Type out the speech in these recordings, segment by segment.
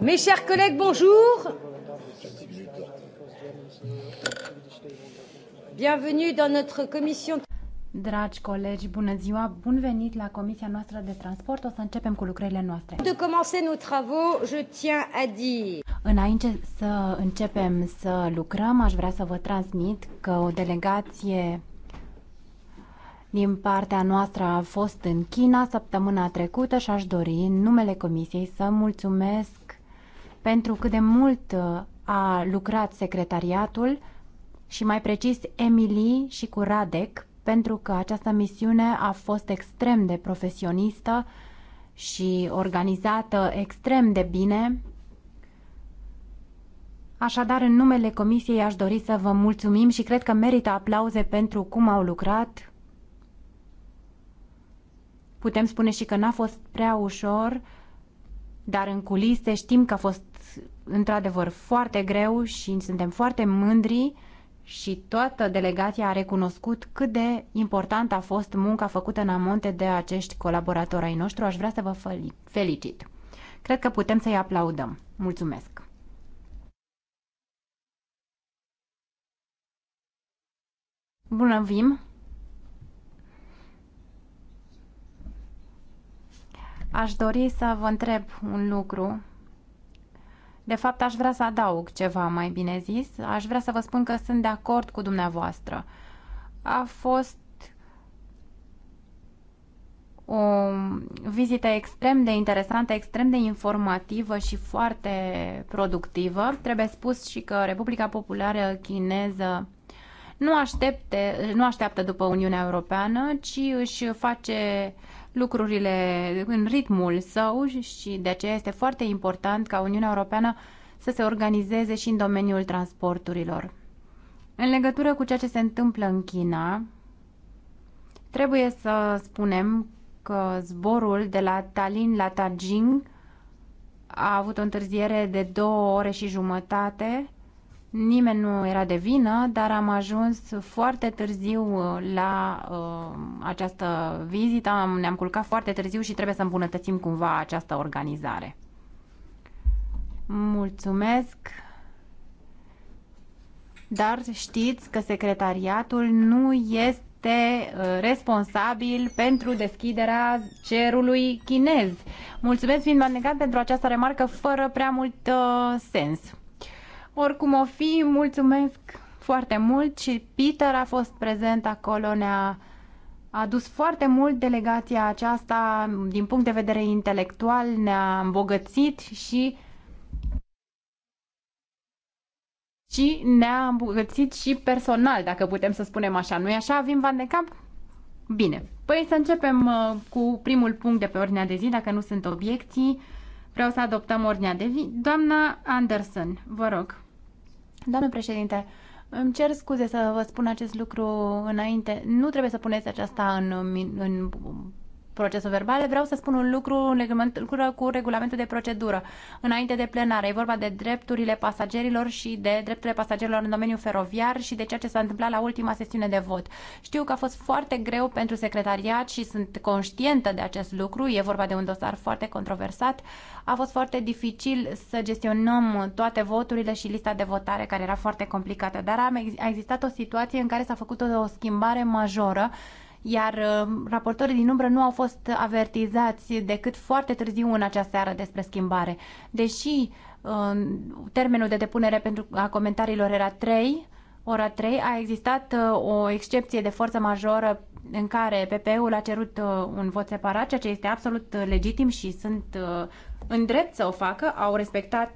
Mes chers collègues, bonjour. Bienvenue dans notre commission. Dragi colegi, bună ziua, bun venit la Comisia noastră de transport. O să începem cu lucrările noastre. De commencer nos travaux, je tiens à dire. Înainte să începem să lucrăm, aș vrea să vă transmit că o delegație din partea noastră a fost în China săptămâna trecută și aș dori în numele Comisiei să mulțumesc pentru cât de mult uh, a lucrat secretariatul și mai precis Emily și cu Radek pentru că această misiune a fost extrem de profesionistă și organizată extrem de bine. Așadar, în numele Comisiei aș dori să vă mulțumim și cred că merită aplauze pentru cum au lucrat Putem spune și că n-a fost prea ușor, dar în culise știm că a fost într-adevăr foarte greu și suntem foarte mândri și toată delegația a recunoscut cât de importantă a fost munca făcută în amonte de acești colaboratori ai noștri. Aș vrea să vă felicit. Cred că putem să-i aplaudăm. Mulțumesc! Bună, Vim! Aș dori să vă întreb un lucru. De fapt, aș vrea să adaug ceva, mai bine zis. Aș vrea să vă spun că sunt de acord cu dumneavoastră. A fost o vizită extrem de interesantă, extrem de informativă și foarte productivă. Trebuie spus și că Republica Populară Chineză nu, aștepte, nu așteaptă după Uniunea Europeană, ci își face uh, lucrurile în ritmul său și de aceea este foarte important ca Uniunea Europeană să se organizeze și în domeniul transporturilor. În legătură cu ceea ce se întâmplă în China, trebuie să spunem că zborul de la Tallinn la Tajing a avut o întârziere de două ore și jumătate Nimeni nu era de vină, dar am ajuns foarte târziu la uh, această vizită, ne-am culcat foarte târziu și trebuie să îmbunătățim cumva această organizare. Mulțumesc! Dar știți că secretariatul nu este uh, responsabil pentru deschiderea cerului chinez. Mulțumesc, fiind manegat, pentru această remarcă fără prea mult uh, sens. Oricum o fi, mulțumesc foarte mult și Peter a fost prezent acolo, ne-a adus foarte mult delegația aceasta din punct de vedere intelectual, ne-a îmbogățit și și ne-a îmbogățit și personal, dacă putem să spunem așa. Nu-i așa, Vim Van de Camp? Bine. Păi să începem uh, cu primul punct de pe ordinea de zi, dacă nu sunt obiecții. Vreau să adoptăm ordinea de vi. Doamna Anderson, vă rog. Doamnă președinte, îmi cer scuze să vă spun acest lucru înainte. Nu trebuie să puneți aceasta în, în procesul verbal, vreau să spun un lucru în legătură cu regulamentul de procedură. Înainte de plenare, e vorba de drepturile pasagerilor și de drepturile pasagerilor în domeniul feroviar și de ceea ce s-a întâmplat la ultima sesiune de vot. Știu că a fost foarte greu pentru secretariat și sunt conștientă de acest lucru. E vorba de un dosar foarte controversat. A fost foarte dificil să gestionăm toate voturile și lista de votare, care era foarte complicată, dar a existat o situație în care s-a făcut o schimbare majoră iar um, raportorii din umbră nu au fost avertizați decât foarte târziu în acea seară despre schimbare. Deși um, termenul de depunere pentru a comentariilor era 3, ora 3, a existat uh, o excepție de forță majoră în care PPE-ul a cerut uh, un vot separat, ceea ce este absolut uh, legitim și sunt în drept să o facă, au respectat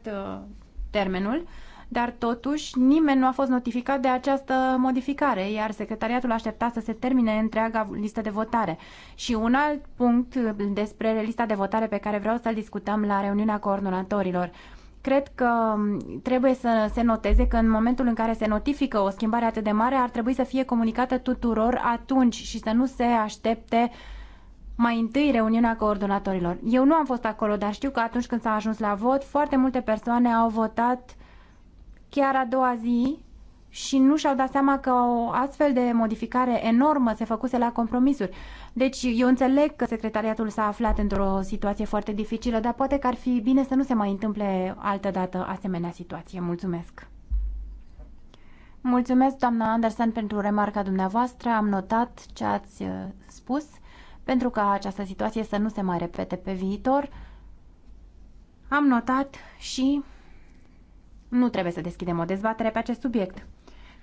termenul dar totuși nimeni nu a fost notificat de această modificare, iar secretariatul aștepta să se termine întreaga listă de votare. Și un alt punct despre lista de votare pe care vreau să-l discutăm la reuniunea coordonatorilor cred că trebuie să se noteze că în momentul în care se notifică o schimbare atât de mare, ar trebui să fie comunicată tuturor atunci și să nu se aștepte mai întâi reuniunea coordonatorilor. Eu nu am fost acolo, dar știu că atunci când s-a ajuns la vot, foarte multe persoane au votat chiar a doua zi și nu și-au dat seama că o astfel de modificare enormă se făcuse la compromisuri. Deci eu înțeleg că secretariatul s-a aflat într-o situație foarte dificilă, dar poate că ar fi bine să nu se mai întâmple altă dată asemenea situație. Mulțumesc! Mulțumesc, doamna Anderson, pentru remarca dumneavoastră. Am notat ce ați uh, spus pentru ca această situație să nu se mai repete pe viitor. Am notat și nu trebuie să deschidem o dezbatere pe acest subiect.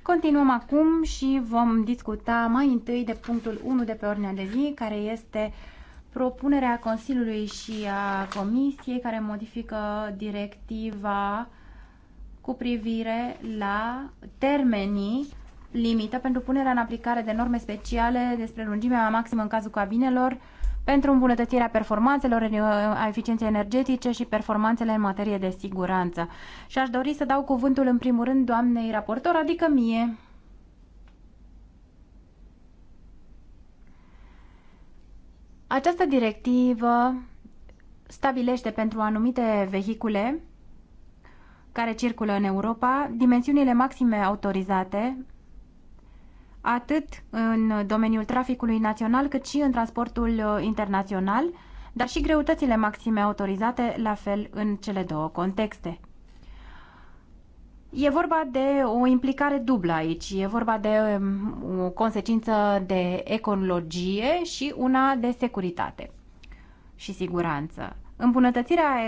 Continuăm acum și vom discuta mai întâi de punctul 1 de pe ordinea de zi, care este propunerea Consiliului și a Comisiei care modifică directiva cu privire la termenii limită pentru punerea în aplicare de norme speciale despre lungimea maximă în cazul cabinelor, pentru îmbunătățirea performanțelor, uh, a eficienței energetice și performanțele în materie de siguranță. Și aș dori să dau cuvântul în primul rând doamnei raportor, adică mie. Această directivă stabilește pentru anumite vehicule care circulă în Europa dimensiunile maxime autorizate atât în domeniul traficului național, cât și în transportul uh, internațional, dar și greutățile maxime autorizate, la fel în cele două contexte. E vorba de o implicare dublă aici. E vorba de um, o consecință de ecologie și una de securitate și siguranță. Îmbunătățirea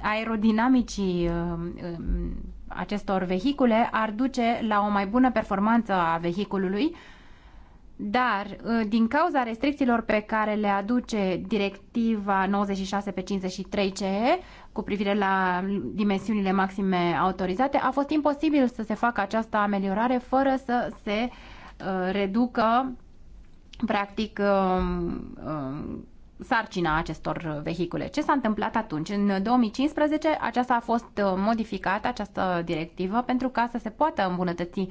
aerodinamicii um, um, acestor vehicule ar duce la o mai bună performanță a vehiculului, dar uh, din cauza restricțiilor pe care le aduce directiva 96 pe 53 CE cu privire la dimensiunile maxime autorizate, a fost imposibil să se facă această ameliorare fără să se uh, reducă practic um, um, sarcina acestor vehicule. Ce s-a întâmplat atunci? În 2015 aceasta a fost uh, modificată, această directivă, pentru ca să se poată îmbunătăți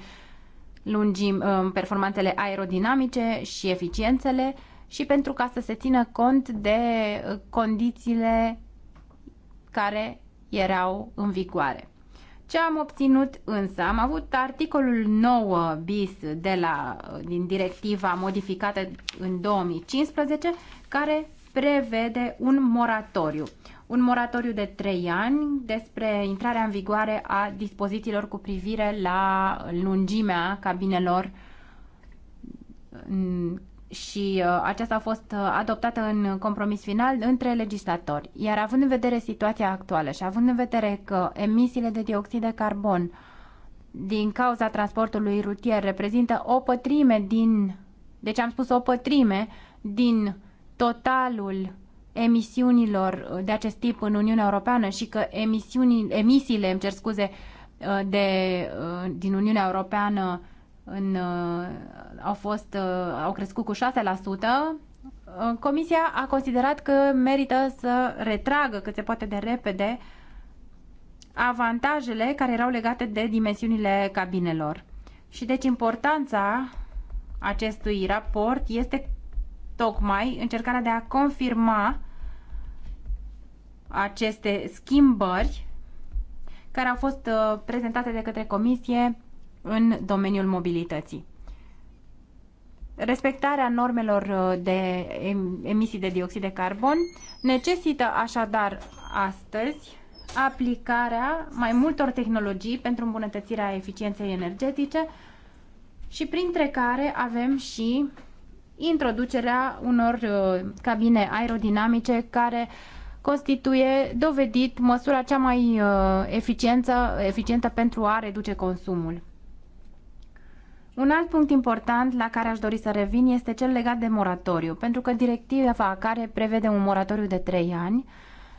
lungim, uh, performanțele aerodinamice și eficiențele și pentru ca să se țină cont de uh, condițiile care erau în vigoare. Ce am obținut însă? Am avut articolul 9 bis de la, din directiva modificată în 2015 care prevede un moratoriu. Un moratoriu de trei ani despre intrarea în vigoare a dispozițiilor cu privire la lungimea cabinelor mm, și uh, aceasta a fost uh, adoptată în compromis final între legislatori. Iar având în vedere situația actuală și având în vedere că emisiile de dioxid de carbon din cauza transportului rutier reprezintă o pătrime din, deci am spus o pătrime din totalul emisiunilor uh, de acest tip în Uniunea Europeană și că emisiunii, emisiile, îmi cer scuze, uh, de, uh, din Uniunea Europeană în, au, fost, au crescut cu 6%, Comisia a considerat că merită să retragă cât se poate de repede avantajele care erau legate de dimensiunile cabinelor. Și deci importanța acestui raport este tocmai încercarea de a confirma aceste schimbări care au fost uh, prezentate de către Comisie în domeniul mobilității. Respectarea normelor uh, de emisii de dioxid de carbon necesită așadar astăzi aplicarea mai multor tehnologii pentru îmbunătățirea eficienței energetice și printre care avem și introducerea unor uh, cabine aerodinamice care constituie dovedit măsura cea mai uh, eficientă, eficientă pentru a reduce consumul. Un alt punct important la care aș dori să revin este cel legat de moratoriu, pentru că directiva care prevede un moratoriu de 3 ani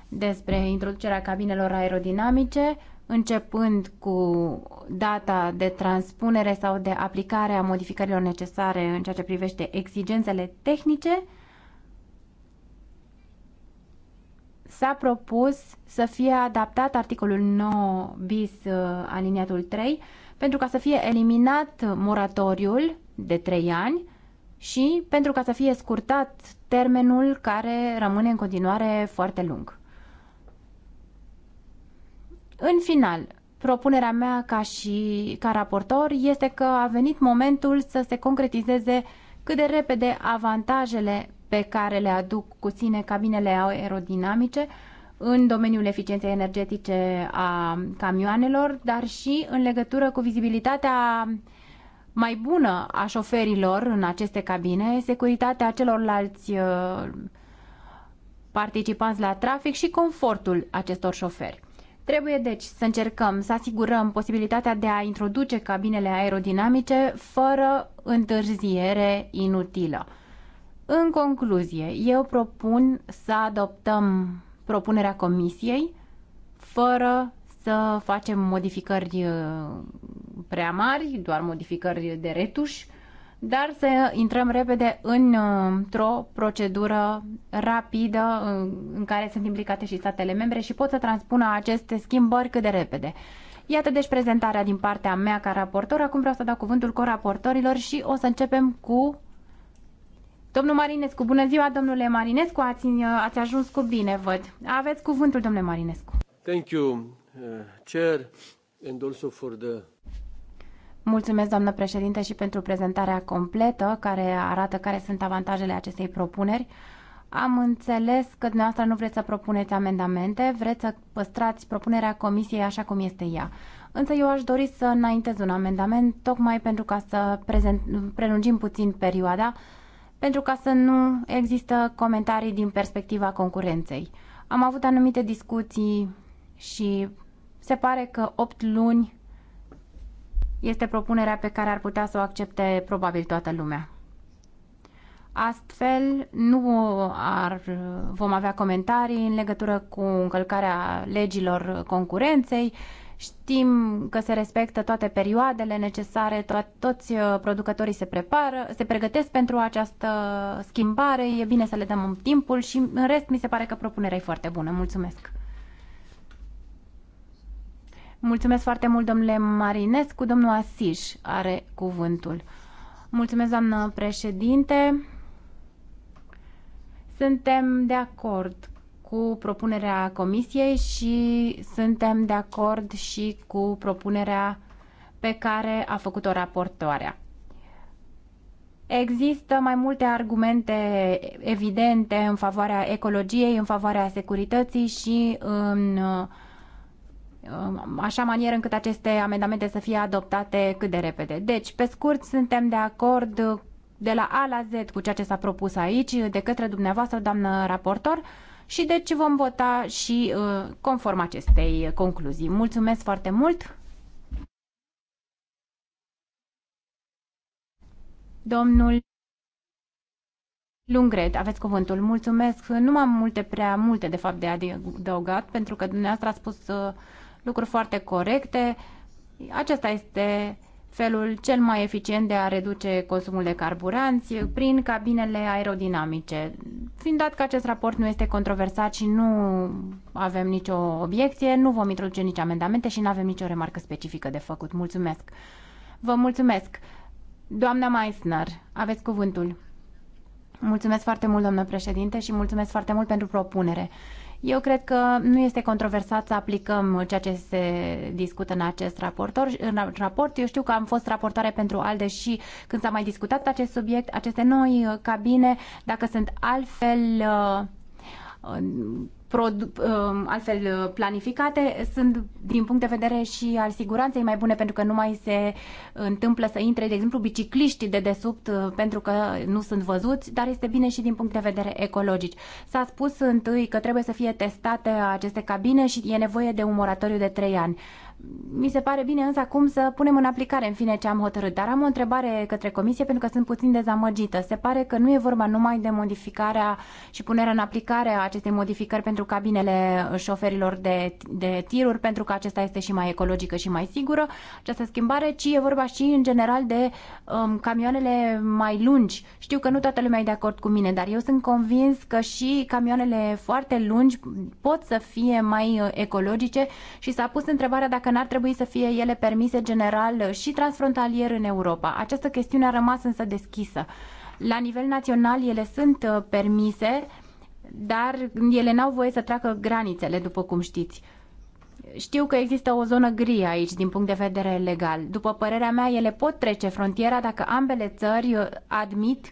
despre introducerea cabinelor aerodinamice începând cu data de transpunere sau de aplicare a modificărilor necesare în ceea ce privește exigențele tehnice, s-a propus să fie adaptat articolul 9 bis uh, aliniatul 3 pentru ca să fie eliminat moratoriul de 3 ani și pentru ca să fie scurtat termenul care rămâne în continuare foarte lung. În final, propunerea mea ca și ca raportor este că a venit momentul să se concretizeze cât de repede avantajele pe care le aduc cu sine cabinele aerodinamice în domeniul eficienței energetice a camioanelor, dar și în legătură cu vizibilitatea mai bună a șoferilor în aceste cabine, securitatea celorlalți uh, participanți la trafic și confortul acestor șoferi. Trebuie deci să încercăm să asigurăm posibilitatea de a introduce cabinele aerodinamice fără întârziere inutilă. În concluzie, eu propun să adoptăm propunerea comisiei fără să facem modificări uh, prea mari, doar modificări de retuși, dar să intrăm repede într-o procedură rapidă în care sunt implicate și statele membre și pot să transpună aceste schimbări cât de repede. Iată deci prezentarea din partea mea ca raportor. Acum vreau să dau cuvântul coraportorilor și o să începem cu domnul Marinescu. Bună ziua, domnule Marinescu, ați, ați ajuns cu bine, văd. Aveți cuvântul, domnule Marinescu. Thank you, uh, Chair, and also for the Mulțumesc, doamnă președinte, și pentru prezentarea completă care arată care sunt avantajele acestei propuneri. Am înțeles că dumneavoastră nu vreți să propuneți amendamente, vreți să păstrați propunerea comisiei așa cum este ea. Însă eu aș dori să înaintez un amendament tocmai pentru ca să prezent, prelungim puțin perioada, pentru ca să nu există comentarii din perspectiva concurenței. Am avut anumite discuții și se pare că 8 luni este propunerea pe care ar putea să o accepte probabil toată lumea. Astfel, nu ar, vom avea comentarii în legătură cu încălcarea legilor concurenței. Știm că se respectă toate perioadele necesare, to- toți uh, producătorii se prepară, se pregătesc pentru această schimbare, e bine să le dăm timpul și în rest mi se pare că propunerea e foarte bună. Mulțumesc! Mulțumesc foarte mult, domnule Marinescu. Domnul Asiș are cuvântul. Mulțumesc, doamnă președinte. Suntem de acord cu propunerea comisiei și suntem de acord și cu propunerea pe care a făcut-o raportoarea. Există mai multe argumente evidente în favoarea ecologiei, în favoarea securității și în uh, Um, așa manieră încât aceste amendamente să fie adoptate cât de repede. Deci, pe scurt, suntem de acord de la A la Z cu ceea ce s-a propus aici de către dumneavoastră, doamnă raportor, și deci vom vota și uh, conform acestei concluzii. Mulțumesc foarte mult! Domnul Lungret, aveți cuvântul. Mulțumesc. Nu am multe, prea multe, de fapt, de adăugat, pentru că dumneavoastră a spus uh, lucruri foarte corecte. Acesta este felul cel mai eficient de a reduce consumul de carburanți prin cabinele aerodinamice. Fiind dat că acest raport nu este controversat și nu avem nicio obiecție, nu vom introduce nici amendamente și nu avem nicio remarcă specifică de făcut. Mulțumesc! Vă mulțumesc! Doamna Meissner, aveți cuvântul. Mulțumesc foarte mult, doamnă președinte, și mulțumesc foarte mult pentru propunere. Eu cred că nu este controversat să aplicăm ceea ce se discută în acest raportor, în raport. Eu știu că am fost raportare pentru ALDE și când s-a mai discutat acest subiect, aceste noi cabine, dacă sunt altfel uh, uh, Um, altfel uh, planificate sunt, din punct de vedere și al siguranței, mai bune pentru că nu mai se întâmplă să intre, de exemplu, bicicliști de desubt uh, pentru că nu sunt văzuți, dar este bine și din punct de vedere ecologic. S-a spus întâi că trebuie să fie testate aceste cabine și e nevoie de un moratoriu de 3 ani mi se pare bine însă acum să punem în aplicare în fine ce am hotărât. Dar am o întrebare către comisie pentru că sunt puțin dezamăgită. Se pare că nu e vorba numai de modificarea și punerea în aplicare a acestei modificări pentru cabinele șoferilor de, de tiruri, pentru că acesta este și mai ecologică și mai sigură, această schimbare, ci e vorba și în general de um, camioanele mai lungi. Știu că nu toată lumea e de acord cu mine, dar eu sunt convins că și camioanele foarte lungi pot să fie mai uh, ecologice și s-a pus întrebarea dacă dacă n-ar trebui să fie ele permise general și transfrontalier în Europa. Această chestiune a rămas însă deschisă. La nivel național ele sunt uh, permise, dar ele n-au voie să treacă granițele, după cum știți. Știu că există o zonă gri aici din punct de vedere legal. După părerea mea, ele pot trece frontiera dacă ambele țări uh, admit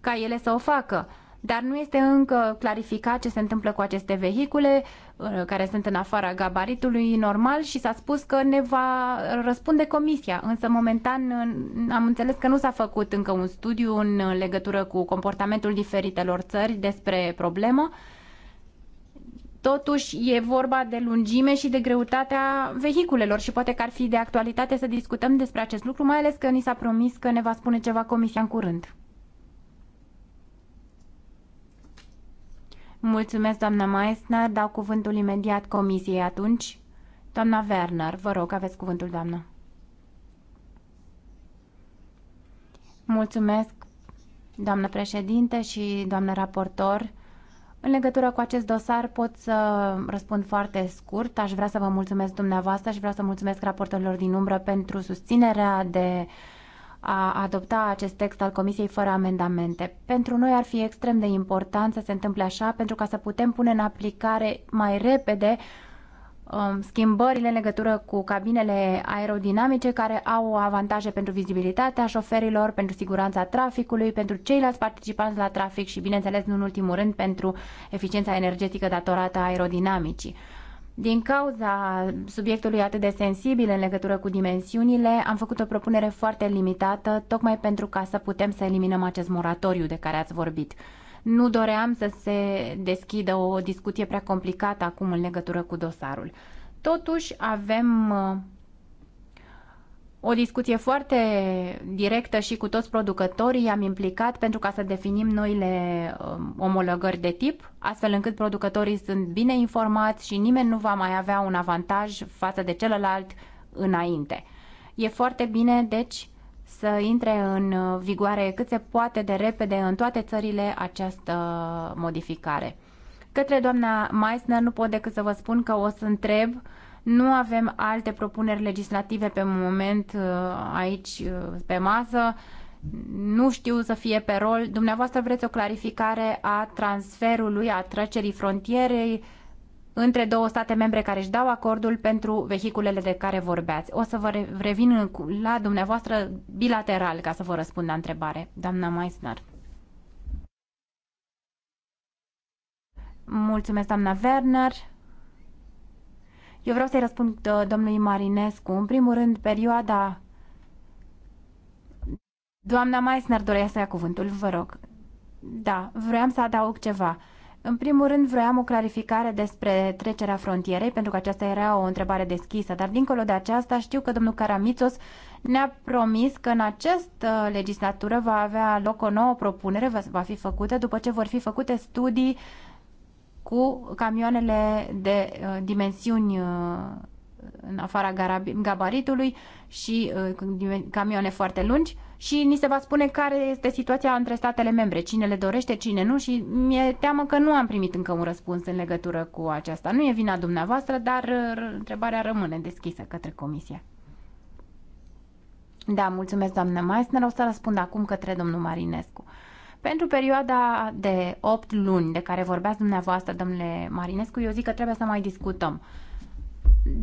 ca ele să o facă dar nu este încă clarificat ce se întâmplă cu aceste vehicule uh, care sunt în afara gabaritului normal și s-a spus că ne va răspunde comisia, însă momentan uh, am înțeles că nu s-a făcut încă un studiu în uh, legătură cu comportamentul diferitelor țări despre problemă. Totuși, e vorba de lungime și de greutatea vehiculelor și poate că ar fi de actualitate să discutăm despre acest lucru, mai ales că ni s-a promis că ne va spune ceva Comisia în curând. Mulțumesc, doamna Maesna. Dau cuvântul imediat comisiei atunci. Doamna Werner, vă rog, aveți cuvântul, doamnă. Mulțumesc, doamnă președinte și doamnă raportor. În legătură cu acest dosar pot să răspund foarte scurt. Aș vrea să vă mulțumesc dumneavoastră și vreau să mulțumesc raportorilor din umbră pentru susținerea de uh, a adopta acest text al Comisiei fără amendamente. Pentru noi ar fi extrem de important să se întâmple așa pentru ca să putem pune în aplicare mai repede um, schimbările în legătură cu cabinele aerodinamice care au avantaje pentru vizibilitatea șoferilor, pentru siguranța traficului, pentru ceilalți participanți la trafic și, bineînțeles, nu în ultimul rând, pentru eficiența energetică datorată aerodinamicii. Din cauza subiectului atât de sensibil în legătură cu dimensiunile, am făcut o propunere foarte limitată, tocmai pentru ca să putem să eliminăm acest moratoriu de care ați vorbit. Nu doream să se deschidă o discuție prea complicată acum în legătură cu dosarul. Totuși, avem uh, o discuție foarte directă și cu toți producătorii am implicat pentru ca să definim noile um, omologări de tip, astfel încât producătorii sunt bine informați și nimeni nu va mai avea un avantaj față de celălalt înainte. E foarte bine, deci, să intre în vigoare cât se poate de repede în toate țările această modificare. Către doamna Meissner nu pot decât să vă spun că o să întreb nu avem alte propuneri legislative pe moment uh, aici uh, pe masă. Nu știu să fie pe rol. Dumneavoastră vreți o clarificare a transferului, a trecerii frontierei între două state membre care își dau acordul pentru vehiculele de care vorbeați. O să vă revin la dumneavoastră bilateral ca să vă răspund la întrebare, doamna Meissner. Mulțumesc, doamna Werner. Eu vreau să-i răspund uh, domnului Marinescu. În primul rând, perioada... Doamna Meissner dorea să ia cuvântul, vă rog. Da, vreau să adaug ceva. În primul rând, vroiam o clarificare despre trecerea frontierei, pentru că aceasta era o întrebare deschisă, dar dincolo de aceasta știu că domnul Caramitos ne-a promis că în această legislatură va avea loc o nouă propunere, va fi făcută după ce vor fi făcute studii uh, cu camioanele de uh, dimensiuni uh, în afara gabaritului și uh, camioane foarte lungi și ni se va spune care este situația între statele membre, cine le dorește, cine nu și mi-e teamă că nu am primit încă un răspuns în legătură cu aceasta. Nu e vina dumneavoastră, dar întrebarea rămâne deschisă către Comisie. Da, mulțumesc, doamnă Meissner. O să răspund acum către domnul Marinescu. Pentru perioada de 8 luni de care vorbeați dumneavoastră, domnule Marinescu, eu zic că trebuie să mai discutăm.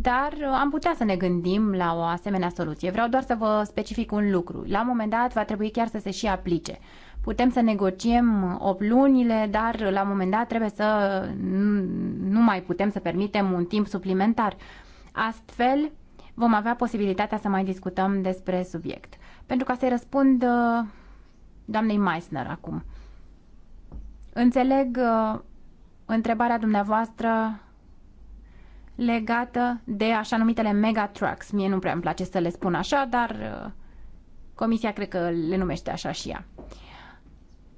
Dar uh, am putea să ne gândim la o asemenea soluție. Vreau doar să vă specific un lucru. La un moment dat va trebui chiar să se și aplice. Putem să negociem 8 lunile, dar uh, la un moment dat trebuie să nu mai putem să permitem un timp suplimentar. Astfel vom avea posibilitatea să mai discutăm despre subiect. Pentru ca să-i răspund uh, doamnei Meissner acum. Înțeleg uh, întrebarea dumneavoastră legată de așa numitele mega trucks. Mie nu prea îmi place să le spun așa, dar uh, comisia cred că le numește așa și ea.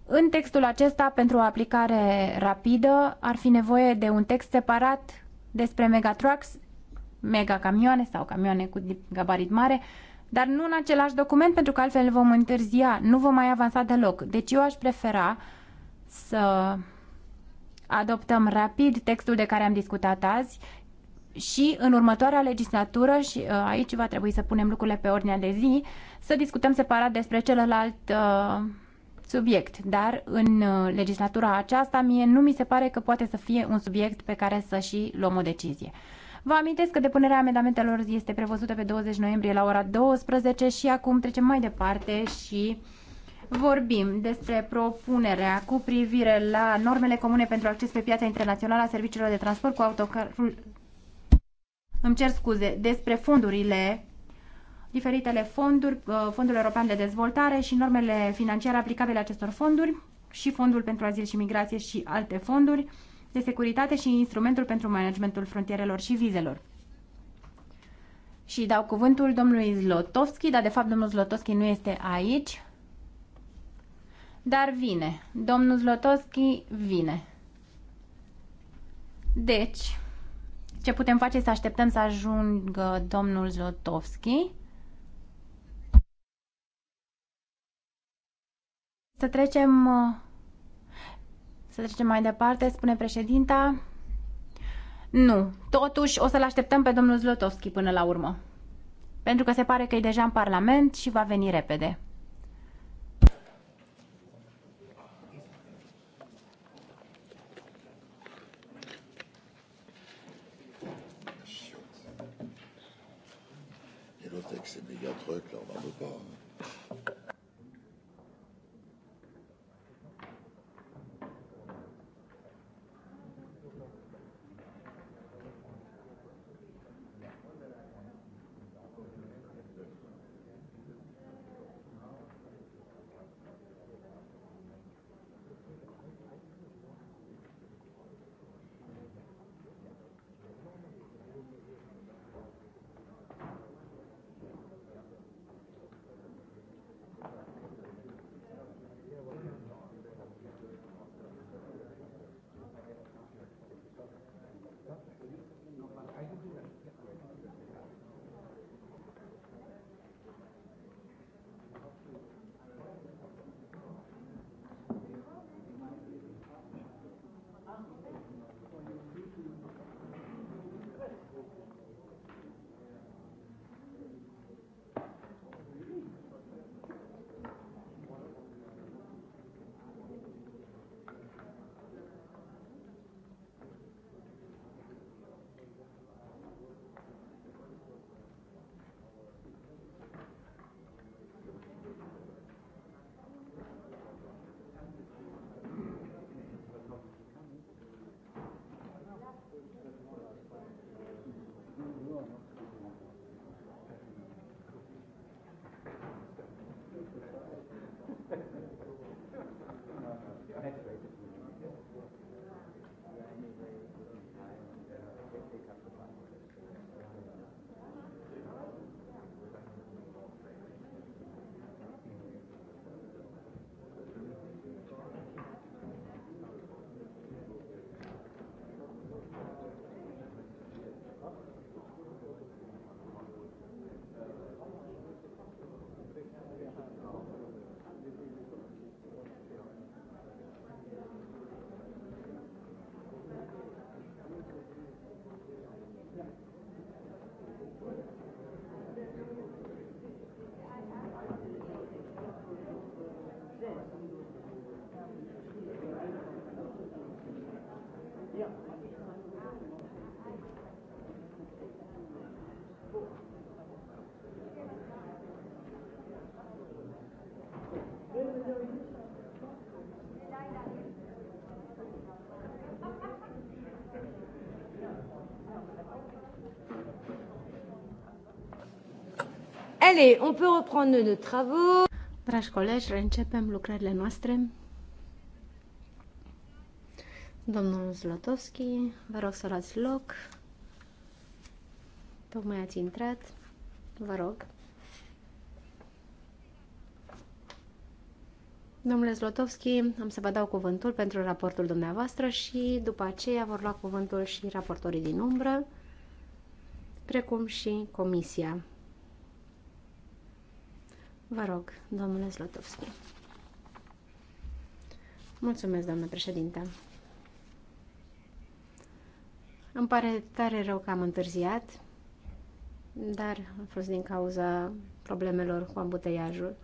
În textul acesta, pentru o aplicare rapidă, ar fi nevoie de un text separat despre megatrucks, mega camioane sau camioane cu gabarit mare, uh, dar nu în același document, pentru că altfel vom întârzia, nu vom mai avansa deloc. Deci eu aș prefera să adoptăm rapid textul de care am discutat azi și în următoarea legislatură, și uh, aici va trebui să punem lucrurile pe ordinea de zi, să discutăm separat despre celălalt uh, subiect. Dar în uh, legislatura aceasta, mie nu mi se pare că poate să fie un subiect pe care să și luăm o decizie. Vă amintesc că depunerea amendamentelor este prevăzută pe 20 noiembrie la ora 12 și acum trecem mai departe și vorbim despre propunerea cu privire la normele comune pentru acces pe piața internațională a serviciilor de transport cu autocarul îmi cer scuze, despre fondurile, diferitele fonduri, uh, Fondul European de Dezvoltare și normele financiare aplicabile acestor fonduri și Fondul pentru Azil și Migrație și alte fonduri de securitate și instrumentul pentru managementul frontierelor și vizelor. Și dau cuvântul domnului Zlotowski. dar de fapt domnul Zlotowski nu este aici. Dar vine. Domnul Zlotowski vine. Deci, ce putem face să așteptăm să ajungă domnul Zlotowski. Să trecem uh, să trecem mai departe, spune președinta. Nu, totuși o să-l așteptăm pe domnul Zlotovski până la urmă. Pentru că se pare că e deja în Parlament și va veni repede. texte méga là on pas. Allez, on peut reprendre nos travaux. Dragi colegi, reîncepem lucrările noastre. Domnul Zlotovski, vă rog să luați loc. Tocmai ați intrat. Vă rog. Domnule Zlotovski, am să vă dau cuvântul pentru raportul dumneavoastră și după aceea vor lua cuvântul și raportorii din umbră, precum și comisia. Vă rog, domnule Zlotovski. Mulțumesc, doamnă președinte. Îmi pare tare rău că am întârziat, dar a fost din cauza problemelor cu ambuteiajul.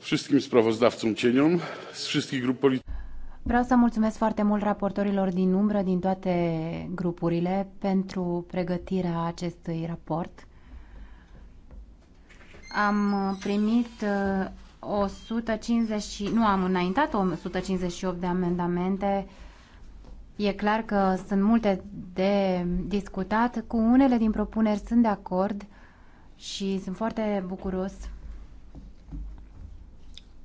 Wszystkim sprawozdawcom cieniom z wszystkich grup politycznych. Vreau să mulțumesc foarte mult raportorilor din umbră din toate grupurile pentru pregătirea acestui raport. Am primit 150, uh, nu am înaintat 158 de amendamente. E clar că sunt multe de discutat. Cu unele din propuneri sunt de acord și sunt foarte bucuros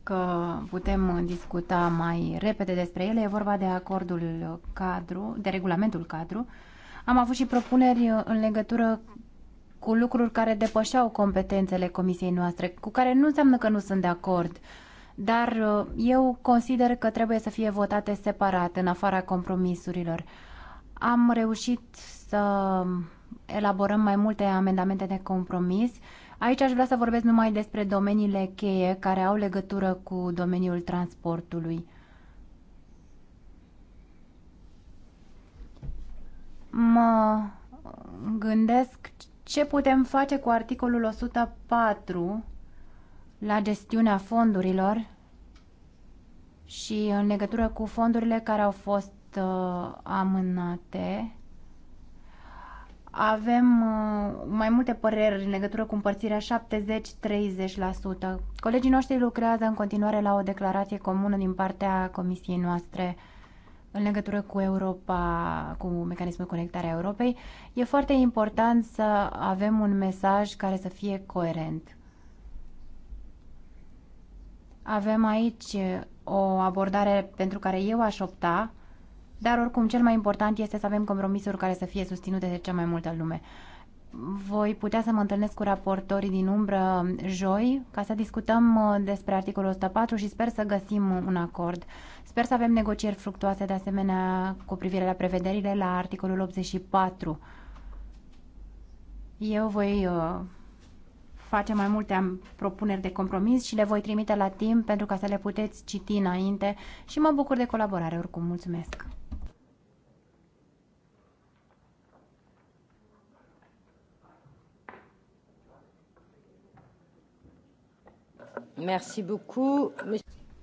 că putem discuta mai repede despre ele. E vorba de acordul cadru, de regulamentul cadru. Am avut și propuneri în legătură cu lucruri care depășeau competențele comisiei noastre, cu care nu înseamnă că nu sunt de acord, dar uh, eu consider că trebuie să fie votate separat, în afara compromisurilor. Am reușit să elaborăm mai multe amendamente de compromis Aici aș vrea să vorbesc numai despre domeniile cheie care au legătură cu domeniul transportului. Mă gândesc ce putem face cu articolul 104 la gestiunea fondurilor și în legătură cu fondurile care au fost uh, amânate avem uh, mai multe păreri în legătură cu împărțirea 70-30%. Colegii noștri lucrează în continuare la o declarație comună din partea comisiei noastre în legătură cu Europa, cu mecanismul conectarea Europei. E foarte important să avem un mesaj care să fie coerent. Avem aici o abordare pentru care eu aș opta, dar oricum, cel mai important este să avem compromisuri care să fie susținute de cea mai multă lume. Voi putea să mă întâlnesc cu raportorii din umbră joi ca să discutăm uh, despre articolul 104 și sper să găsim un acord. Sper să avem negocieri fructuoase de asemenea cu privire la prevederile la articolul 84. Eu voi uh, face mai multe propuneri de compromis și le voi trimite la timp pentru ca să le puteți citi înainte și mă bucur de colaborare oricum. Mulțumesc!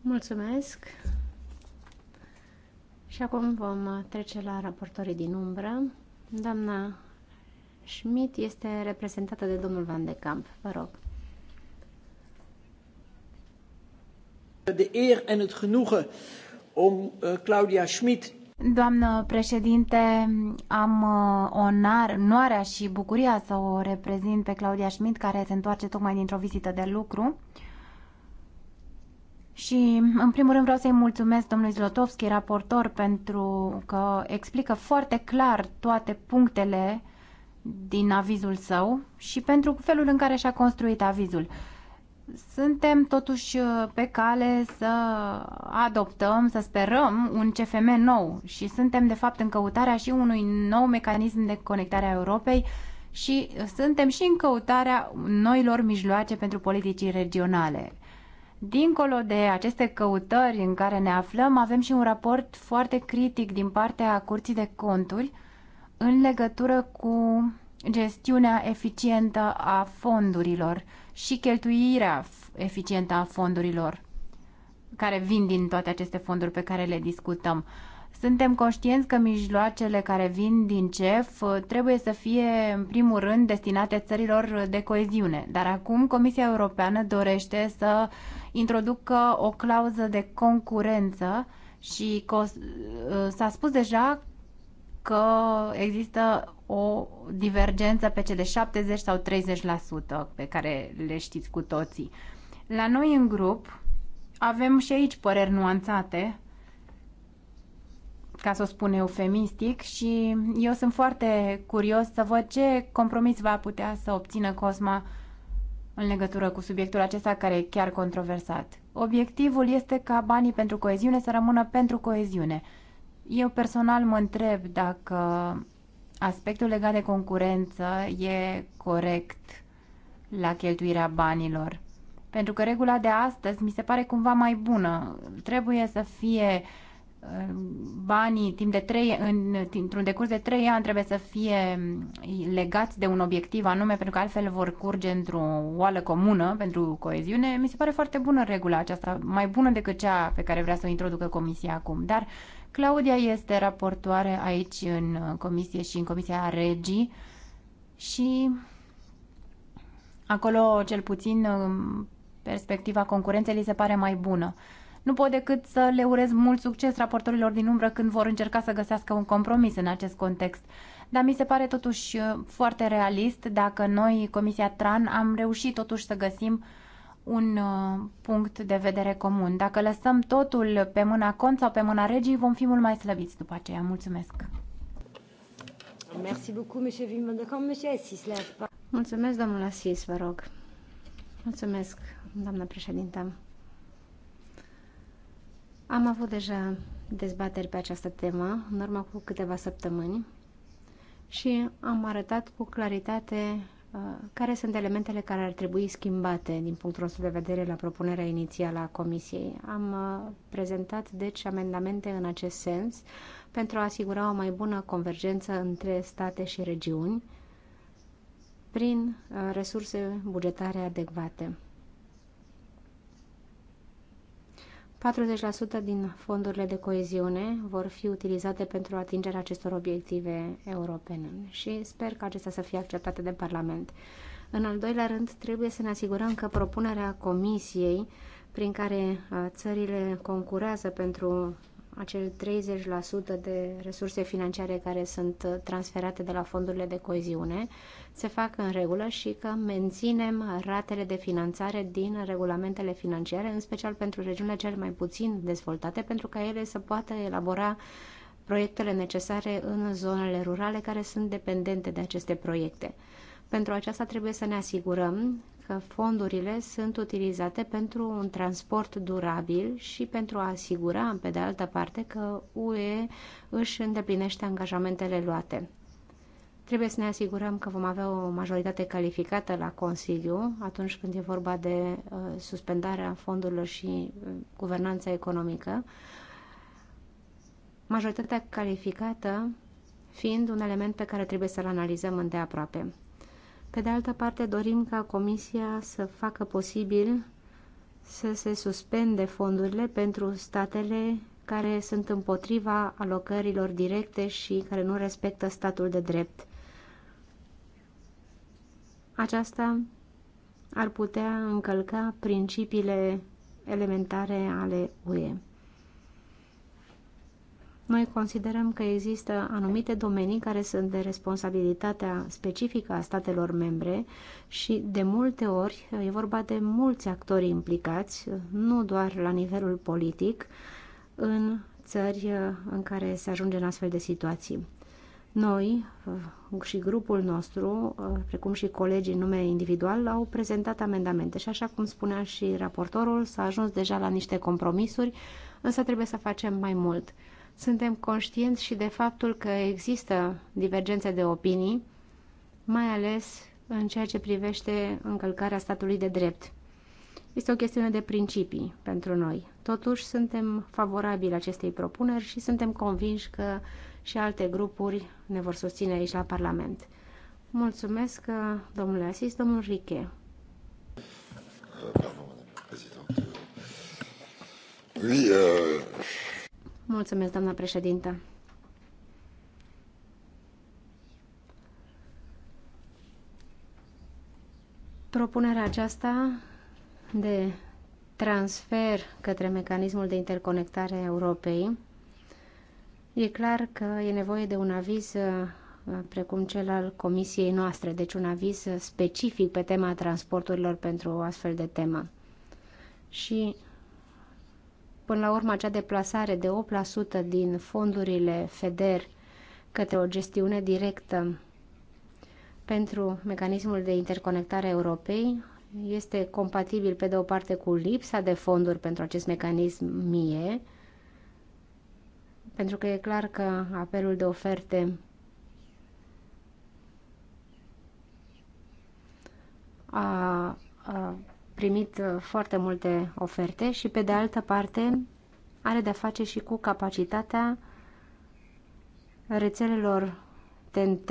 Mulțumesc. Și acum vom trece la raportorii din umbră. Doamna Schmidt este reprezentată de domnul Van de Camp. Vă rog. De eer en het genoegen om eh, Claudia Schmidt Doamnă președinte, am eh, onar, onoarea și bucuria să o reprezint pe Claudia Schmidt, care se întoarce tocmai dintr-o vizită de lucru. Și, în primul rând, vreau să-i mulțumesc domnului Zlotovski, raportor, pentru că explică foarte clar toate punctele din avizul său și pentru felul în care și-a construit avizul. Suntem totuși pe cale să adoptăm, să sperăm un CFM nou și suntem de fapt în căutarea și unui nou mecanism de conectare a Europei și suntem și în căutarea noilor mijloace pentru politicii regionale Dincolo de aceste căutări în care ne aflăm, avem și un raport foarte critic din partea Curții de Conturi în legătură cu gestiunea eficientă a fondurilor și cheltuirea eficientă a fondurilor care vin din toate aceste fonduri pe care le discutăm. Suntem conștienți că mijloacele care vin din CEF uh, trebuie să fie, în primul rând, destinate țărilor de coeziune. Dar acum Comisia Europeană dorește să introducă o clauză de concurență și uh, s-a spus deja că există o divergență pe cele 70 sau 30% pe care le știți cu toții. La noi în grup avem și aici păreri nuanțate ca să o spun eufemistic, și eu sunt foarte curios să văd ce compromis va putea să obțină Cosma în legătură cu subiectul acesta care e chiar controversat. Obiectivul este ca banii pentru coeziune să rămână pentru coeziune. Eu personal mă întreb dacă aspectul legat de concurență e corect la cheltuirea banilor. Pentru că regula de astăzi mi se pare cumva mai bună. Trebuie să fie uh, banii timp de trei, în, într-un decurs de trei ani trebuie să fie legați de un obiectiv anume, pentru că altfel vor curge într-o oală comună pentru coeziune. Mi se pare foarte bună regula aceasta, mai bună decât cea pe care vrea să o introducă Comisia acum. Dar Claudia este raportoare aici în Comisie și în Comisia Regii și acolo, cel puțin, perspectiva concurenței li se pare mai bună. Nu pot decât să le urez mult succes raportorilor din umbră când vor încerca să găsească un compromis în acest context. Dar mi se pare totuși uh, foarte realist dacă noi, Comisia TRAN, am reușit totuși să găsim un uh, punct de vedere comun. Dacă lăsăm totul pe mâna cont sau pe mâna regii, vom fi mult mai slăbiți după aceea. Mulțumesc! Mulțumesc, domnul Asis, vă rog. Mulțumesc, doamnă președintă. Am avut deja dezbateri pe această temă în urmă cu câteva săptămâni și am arătat cu claritate uh, care sunt elementele care ar trebui schimbate din punctul nostru de vedere la propunerea inițială a Comisiei. Am uh, prezentat, deci, amendamente în acest sens pentru a asigura o mai bună convergență între state și regiuni prin uh, resurse bugetare adecvate. 40% din fondurile de coeziune vor fi utilizate pentru atingerea acestor obiective europene și sper că acestea să fie acceptate de Parlament. În al doilea rând, trebuie să ne asigurăm că propunerea Comisiei prin care uh, țările concurează pentru acel 30% de resurse financiare care sunt uh, transferate de la fondurile de coeziune se fac în regulă și că menținem ratele de finanțare din regulamentele financiare, în special pentru regiunile cele mai puțin dezvoltate, pentru ca ele să poată elabora proiectele necesare în zonele rurale care sunt dependente de aceste proiecte. Pentru aceasta trebuie să ne asigurăm că fondurile sunt utilizate pentru un transport durabil și pentru a asigura, pe de altă parte, că UE își îndeplinește angajamentele luate. Trebuie să ne asigurăm că vom avea o majoritate calificată la Consiliu atunci când e vorba de uh, suspendarea fondurilor și uh, guvernanța economică. Majoritatea calificată fiind un element pe care trebuie să-l analizăm îndeaproape. Pe de altă parte, dorim ca Comisia să facă posibil să se suspende fondurile pentru statele care sunt împotriva alocărilor directe și care nu respectă statul de drept. Aceasta ar putea încălca principiile elementare ale UE. Noi considerăm că există anumite domenii care sunt de responsabilitatea specifică a statelor membre și de multe ori e vorba de mulți actori implicați, nu doar la nivelul politic, în țări uh, în care se ajunge în astfel de situații. Noi uh, și grupul nostru, uh, precum și colegii în nume individual, au prezentat amendamente și așa cum spunea și raportorul, s-a ajuns deja la niște compromisuri, însă trebuie să facem mai mult. Suntem conștienți și de faptul că există divergențe de opinii, mai ales în ceea ce privește încălcarea statului de drept. Este o chestiune de principii pentru noi. Totuși, suntem favorabili acestei propuneri și suntem convinși că și alte grupuri ne vor susține aici la Parlament. Mulțumesc, domnule Asis, domnul Riche. Oui, euh, Mulțumesc, doamna președintă. Propunerea aceasta de transfer către mecanismul de interconectare a Europei, e clar că e nevoie de un aviz uh, precum cel al comisiei noastre, deci un aviz specific pe tema transporturilor pentru o astfel de temă. Și Până la urmă, acea deplasare de 8% din fondurile FEDER către o gestiune directă pentru mecanismul de interconectare Europei este compatibil pe de o parte cu lipsa de fonduri pentru acest mecanism mie, pentru că e clar că apelul de oferte a, a primit uh, foarte multe oferte și, pe de altă parte, are de-a face și cu capacitatea rețelelor TNT,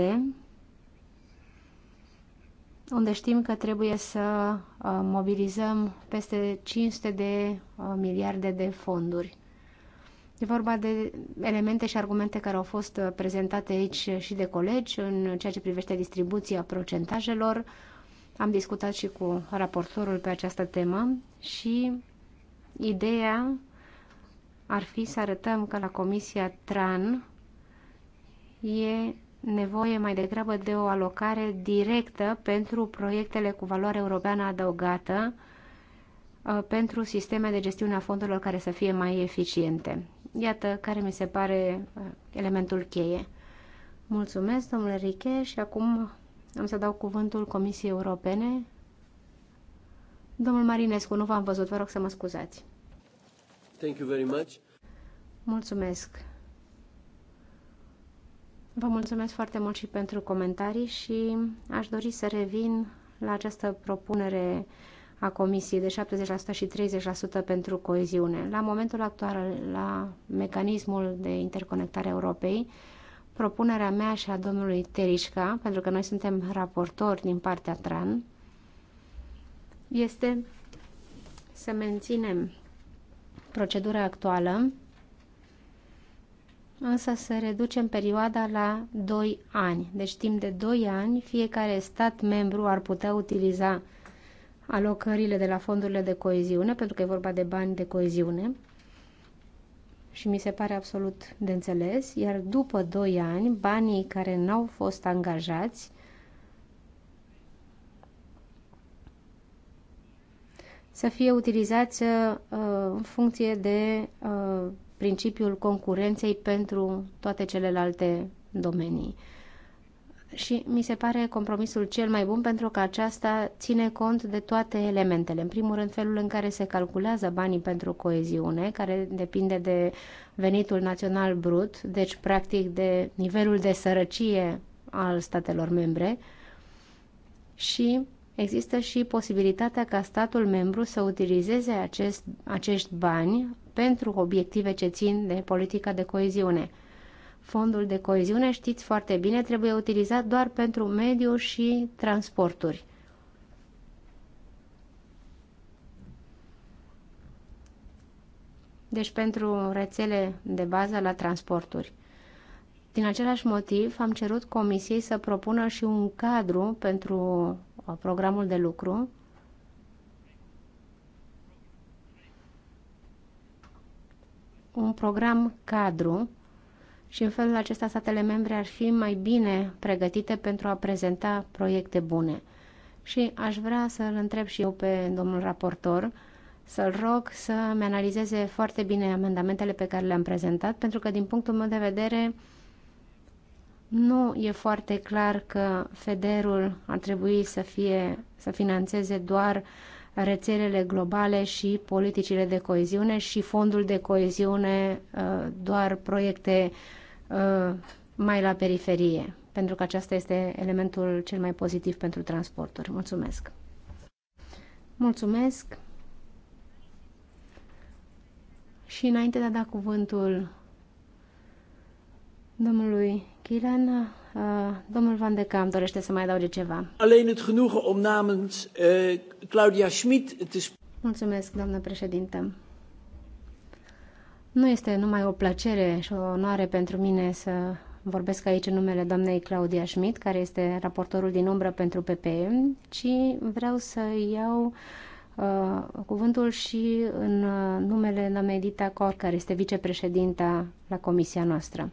unde știm că trebuie să uh, mobilizăm peste 500 de uh, miliarde de fonduri. E vorba de elemente și argumente care au fost prezentate aici și de colegi în ceea ce privește distribuția procentajelor, am discutat și cu raportorul pe această temă și ideea ar fi să arătăm că la Comisia TRAN e nevoie mai degrabă de o alocare directă pentru proiectele cu valoare europeană adăugată uh, pentru sisteme de gestiune a fondurilor care să fie mai eficiente. Iată care mi se pare uh, elementul cheie. Mulțumesc, domnule Riche, și acum am să dau cuvântul Comisiei Europene. Domnul Marinescu, nu v-am văzut, vă rog să mă scuzați. Thank you very much. Mulțumesc. Vă mulțumesc foarte mult și pentru comentarii și aș dori să revin la această propunere a Comisiei de 70% și 30% pentru coeziune. La momentul actual, la mecanismul de interconectare a Europei, propunerea mea și a domnului Terișca, pentru că noi suntem raportori din partea TRAN, este să menținem procedura actuală, însă să reducem perioada la 2 ani. Deci timp de 2 ani fiecare stat membru ar putea utiliza alocările de la fondurile de coeziune, pentru că e vorba de bani de coeziune, și mi se pare absolut de înțeles, iar după 2 ani, banii care n-au fost angajați să fie utilizați uh, în funcție de uh, principiul concurenței pentru toate celelalte domenii și mi se pare compromisul cel mai bun pentru că aceasta ține cont de toate elementele. În primul rând, felul în care se calculează banii pentru coeziune, care depinde de venitul național brut, deci practic de nivelul de sărăcie al statelor membre și există și posibilitatea ca statul membru să utilizeze acest, acești bani pentru obiective ce țin de politica de coeziune fondul de coeziune, știți foarte bine, trebuie utilizat doar pentru mediu și transporturi. Deci pentru rețele de bază la transporturi. Din același motiv, am cerut Comisiei să propună și un cadru pentru uh, programul de lucru un program cadru și în felul acesta statele membre ar fi mai bine pregătite pentru a prezenta proiecte bune. Și aș vrea să-l întreb și eu pe domnul raportor, să-l rog să-mi analizeze foarte bine amendamentele pe care le-am prezentat, pentru că, din punctul meu de vedere, nu e foarte clar că Federul ar trebui să, fie, să financeze doar rețelele globale și politicile de coeziune și fondul de coeziune uh, doar proiecte Uh, mai la periferie, pentru că acesta este elementul cel mai pozitiv pentru transporturi. Mulțumesc! Mulțumesc! Și înainte de a da cuvântul domnului Chilan, uh, domnul Van de Cam dorește să mai adauge ceva. Alleen het genoegen om namens uh, Claudia Schmid te Mulțumesc, doamnă președintă. Nu este numai o plăcere și o onoare pentru mine să vorbesc aici în numele doamnei Claudia Schmidt, care este raportorul din umbră pentru PPE, ci vreau să iau uh, cuvântul și în uh, numele doamnei Dita Cor, care este vicepreședinta la comisia noastră.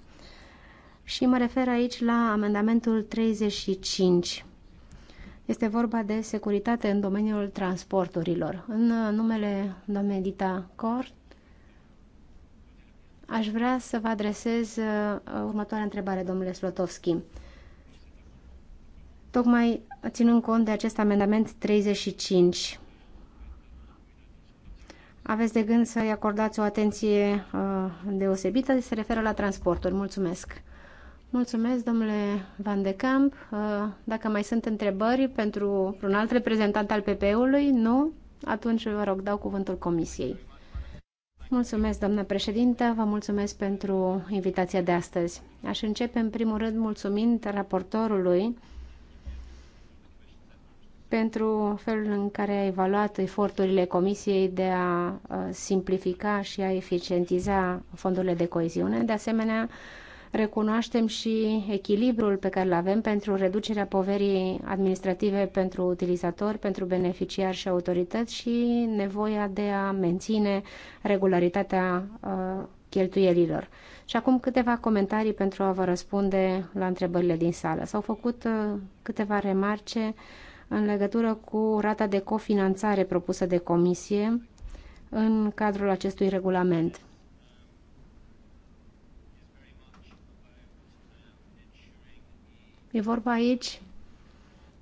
Și mă refer aici la amendamentul 35 este vorba de securitate în domeniul transporturilor. În uh, numele doamnei Dita Cor, Aș vrea să vă adresez uh, următoarea întrebare, domnule Slotovski. Tocmai ținând cont de acest amendament 35, aveți de gând să-i acordați o atenție uh, deosebită, se referă la transporturi. Mulțumesc! Mulțumesc, domnule Van de Camp. Uh, dacă mai sunt întrebări pentru un alt reprezentant al PP-ului, nu? Atunci vă rog, dau cuvântul Comisiei. Mulțumesc, doamnă președintă, vă mulțumesc pentru invitația de astăzi. Aș începe, în primul rând, mulțumind raportorului pentru felul în care a evaluat eforturile Comisiei de a simplifica și a eficientiza fondurile de coeziune. De asemenea, recunoaștem și echilibrul pe care îl avem pentru reducerea poverii administrative pentru utilizatori, pentru beneficiari și autorități și nevoia de a menține regularitatea uh, cheltuielilor. Și acum câteva comentarii pentru a vă răspunde la întrebările din sală. S-au făcut uh, câteva remarce în legătură cu rata de cofinanțare propusă de comisie în cadrul acestui regulament. E vorba aici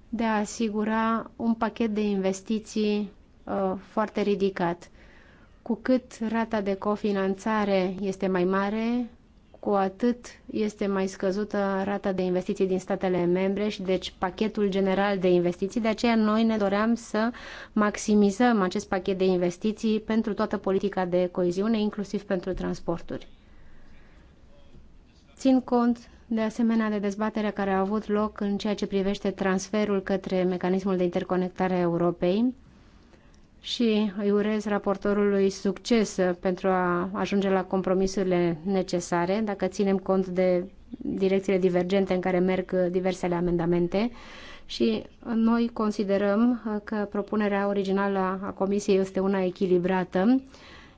de a asigura un pachet de investiții uh, foarte ridicat. Cu cât rata de cofinanțare este mai mare, cu atât este mai scăzută rata de investiții din statele membre și deci pachetul general de investiții. De aceea noi ne doream să maximizăm acest pachet de investiții pentru toată politica de coeziune, inclusiv pentru transporturi. Țin cont de asemenea de dezbaterea care a avut loc în ceea ce privește transferul către mecanismul de interconectare a Europei și îi urez raportorului succes pentru a ajunge la compromisurile necesare, dacă ținem cont de direcțiile divergente în care merg diversele amendamente și noi considerăm că propunerea originală a Comisiei este una echilibrată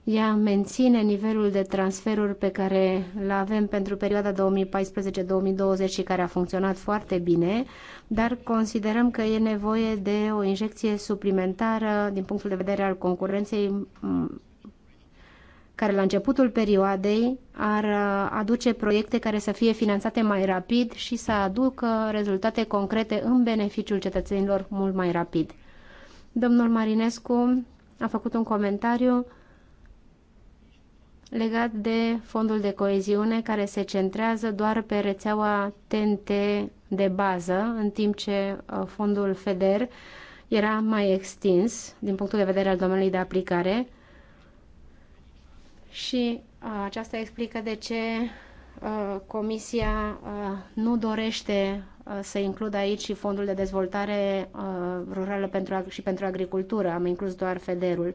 ea menține nivelul de transferuri pe care îl avem pentru perioada 2014-2020 și care a funcționat foarte bine, dar considerăm că e nevoie de o injecție suplimentară din punctul de vedere al concurenței care la începutul perioadei ar aduce proiecte care să fie finanțate mai rapid și să aducă rezultate concrete în beneficiul cetățenilor mult mai rapid. Domnul Marinescu a făcut un comentariu legat de fondul de coeziune care se centrează doar pe rețeaua TNT de bază, în timp ce uh, fondul FEDER era mai extins din punctul de vedere al domeniului de aplicare și uh, aceasta explică de ce uh, Comisia nu dorește să includă aici și Fondul de Dezvoltare Rurală pentru, și pentru Agricultură. Am inclus doar FEDER-ul.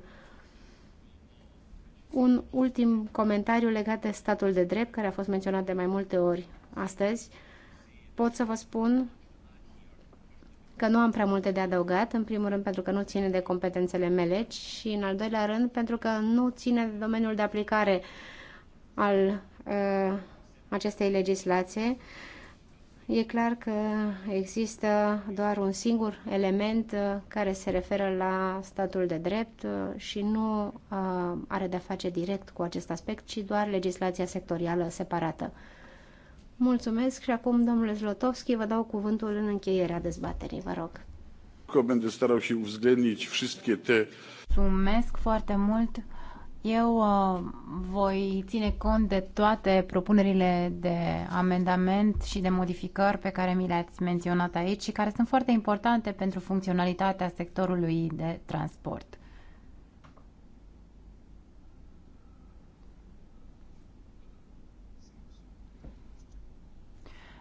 Un ultim comentariu legat de statul de drept, care a fost menționat de mai multe ori astăzi. Pot să vă spun că nu am prea multe de adăugat, în primul rând pentru că nu ține de competențele mele și în al doilea rând pentru că nu ține de domeniul de aplicare al uh, acestei legislații. Uh, E clar că există doar un singur element uh, care se referă la statul de drept uh, și nu uh, are de-a face direct cu acest aspect, ci doar legislația sectorială separată. Mulțumesc și acum, domnule Zlotovski, vă dau cuvântul în încheierea dezbaterii, vă rog. Będę Mulțumesc foarte mult. Eu uh, voi ține cont de toate propunerile de amendament și de modificări pe care mi le-ați menționat aici și care sunt foarte importante pentru funcționalitatea sectorului de transport.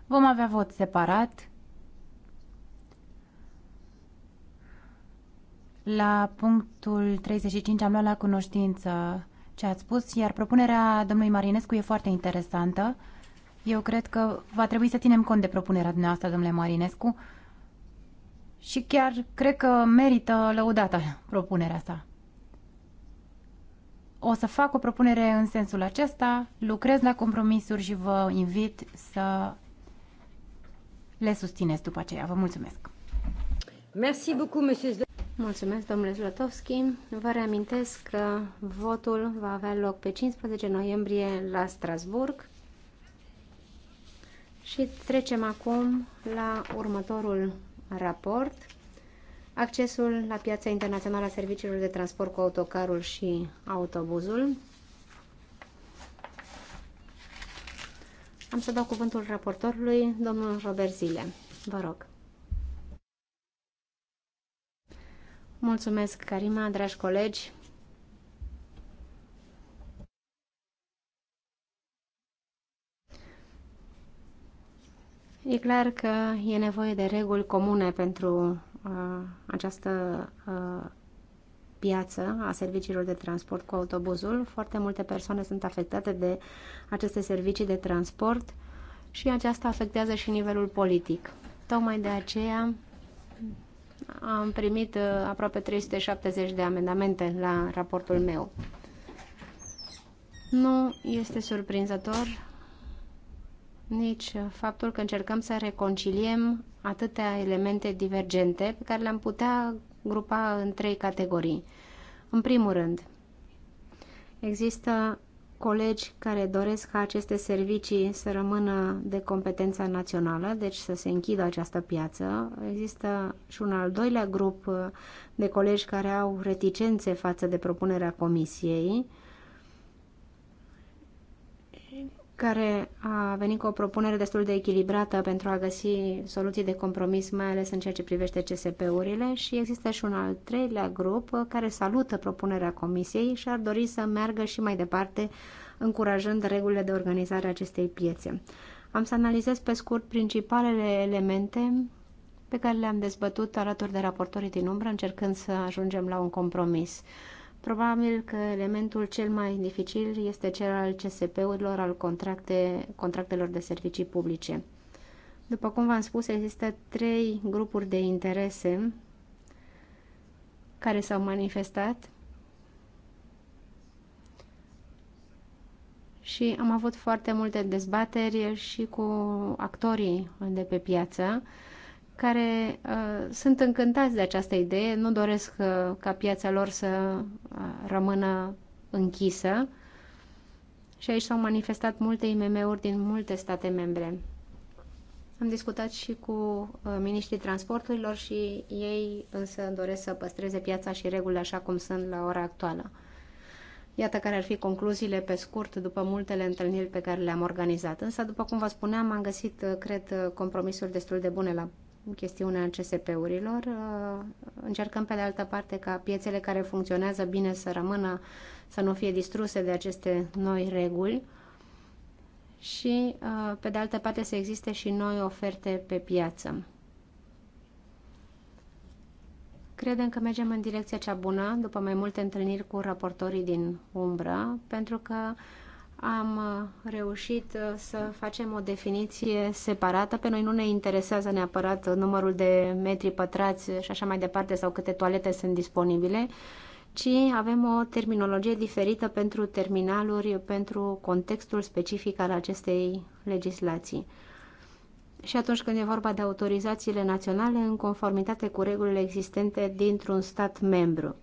Vom avea vot separat La punctul 35 am luat la cunoștință ce ați spus, iar propunerea domnului Marinescu e foarte interesantă. Eu cred că va trebui să ținem cont de propunerea dumneavoastră, domnule Marinescu, și chiar cred că merită lăudată propunerea sa. O să fac o propunere în sensul acesta, lucrez la compromisuri și vă invit să le susțineți după aceea. Vă mulțumesc! Merci beaucoup, Mulțumesc, domnule Zlotovski. Vă reamintesc că votul va avea loc pe 15 noiembrie la Strasburg. Și trecem acum la următorul raport. Accesul la piața internațională a serviciilor de transport cu autocarul și autobuzul. Am să dau cuvântul raportorului, domnul Robert Zile. Vă rog. Mulțumesc, Karima, dragi colegi. E clar că e nevoie de reguli comune pentru uh, această uh, piață a serviciilor de transport cu autobuzul. Foarte multe persoane sunt afectate de aceste servicii de transport și aceasta afectează și nivelul politic. Tocmai de aceea am primit uh, aproape 370 de amendamente la raportul meu. Nu este surprinzător nici faptul că încercăm să reconciliem atâtea elemente divergente pe care le-am putea grupa în trei categorii. În primul rând, există colegi care doresc ca aceste servicii să rămână de competența națională, deci să se închidă această piață. Există și un al doilea grup de colegi care au reticențe față de propunerea comisiei, care a venit cu o propunere destul de echilibrată pentru a găsi soluții de compromis, mai ales în ceea ce privește CSP-urile și există și un al treilea grup care salută propunerea Comisiei și ar dori să meargă și mai departe, încurajând regulile de organizare a acestei piețe. Am să analizez pe scurt principalele elemente pe care le-am dezbătut alături de raportorii din umbră, încercând să ajungem la un compromis. Probabil că elementul cel mai dificil este cel al CSP-urilor, al contracte, contractelor de servicii publice. După cum v-am spus, există trei grupuri de interese care s-au manifestat și am avut foarte multe dezbateri și cu actorii de pe piață care uh, sunt încântați de această idee, nu doresc uh, ca piața lor să uh, rămână închisă. Și aici s-au manifestat multe IMM-uri din multe state membre. Am discutat și cu uh, miniștrii transporturilor și ei însă doresc să păstreze piața și regulile așa cum sunt la ora actuală. Iată care ar fi concluziile pe scurt după multele întâlniri pe care le-am organizat. Însă, după cum vă spuneam, am găsit, uh, cred, uh, compromisuri destul de bune la chestiunea CSP-urilor. Uh, încercăm pe de altă parte ca piețele care funcționează bine să rămână, să nu fie distruse de aceste noi reguli și uh, pe de altă parte să existe și noi oferte pe piață. Credem că mergem în direcția cea bună după mai multe întâlniri cu raportorii din umbră, pentru că uh, am uh, reușit uh, să facem o definiție separată. Pe noi nu ne interesează neapărat numărul de metri pătrați și așa mai departe sau câte toalete sunt disponibile, ci avem o terminologie diferită pentru terminaluri, pentru contextul specific al acestei legislații. Și atunci când e vorba de autorizațiile naționale în conformitate cu regulile existente dintr-un stat membru.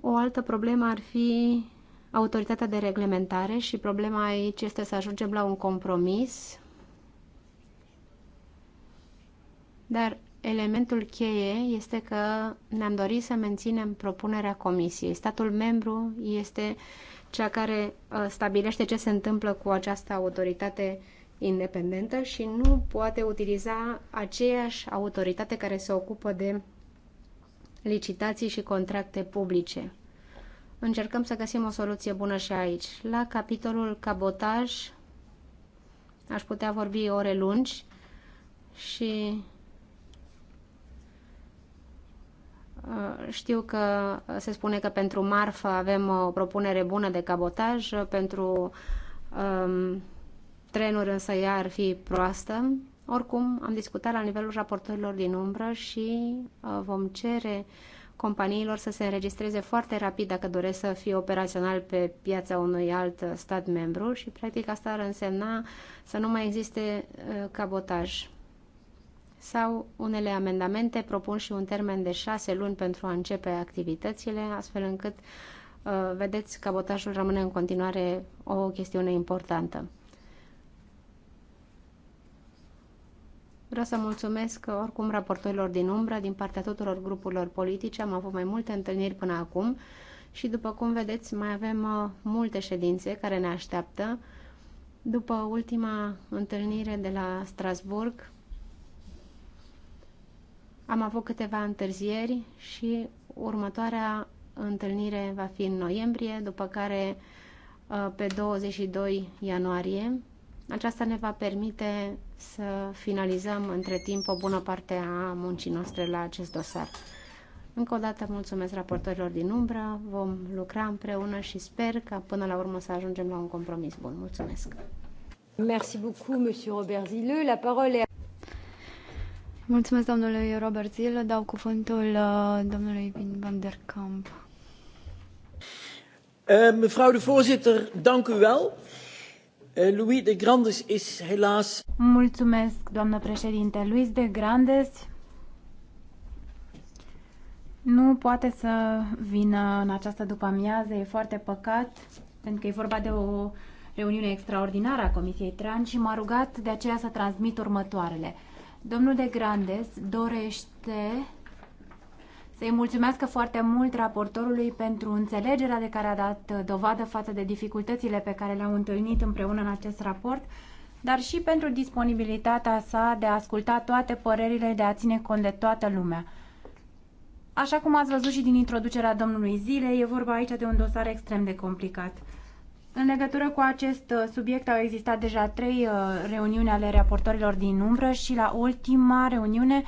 O altă problemă ar fi autoritatea de reglementare și problema aici este să ajungem la un compromis, dar elementul cheie este că ne-am dorit să menținem propunerea comisiei. Statul membru este cea care uh, stabilește ce se întâmplă cu această autoritate independentă și nu poate utiliza aceeași autoritate care se ocupă de licitații și contracte publice încercăm să găsim o soluție bună și aici. La capitolul cabotaj aș putea vorbi ore lungi și uh, știu că se spune că pentru marfă avem o propunere bună de cabotaj, pentru um, trenuri însă ea ar fi proastă. Oricum, am discutat la nivelul raportorilor din umbră și uh, vom cere uh, companiilor să se înregistreze foarte rapid dacă doresc să fie operațional pe piața unui alt stat membru și practic asta ar însemna să nu mai existe uh, cabotaj. Sau unele amendamente propun și un termen de șase luni pentru a începe activitățile, astfel încât, uh, vedeți, cabotajul rămâne în continuare o chestiune importantă. Vreau să mulțumesc oricum raportorilor din umbră, din partea tuturor grupurilor politice. Am avut mai multe întâlniri până acum și, după cum vedeți, mai avem uh, multe ședințe care ne așteaptă. După ultima întâlnire de la Strasburg, am avut câteva întârzieri și următoarea întâlnire va fi în noiembrie, după care uh, pe 22 ianuarie. Aceasta ne va permite să finalizăm între timp o bună parte a muncii noastre la acest dosar. Încă o dată mulțumesc raportorilor din umbră, vom lucra împreună și sper că până la urmă să ajungem la un compromis bun. Mulțumesc! Merci beaucoup, monsieur Robert Zileux. La parole est... Mulțumesc, domnului Robert Zil. Dau cuvântul uh, domnului Vin van der Kamp. Uh, mevrouw de voorzitter, dank u wel. Eh, Louis de Grandes is helaas... Mulțumesc, doamnă președinte. Luis de Grandes nu poate să vină în această după-amiază. E foarte păcat, pentru că e vorba de o reuniune extraordinară a Comisiei Tran și m-a rugat de aceea să transmit următoarele. Domnul de Grandes dorește să-i mulțumesc foarte mult raportorului pentru înțelegerea de care a dat dovadă față de dificultățile pe care le-au întâlnit împreună în acest raport, dar și pentru disponibilitatea sa de a asculta toate părerile, de a ține cont de toată lumea. Așa cum ați văzut și din introducerea domnului Zile, e vorba aici de un dosar extrem de complicat. În legătură cu acest uh, subiect au existat deja trei uh, reuniuni ale raportorilor din umbră și la ultima reuniune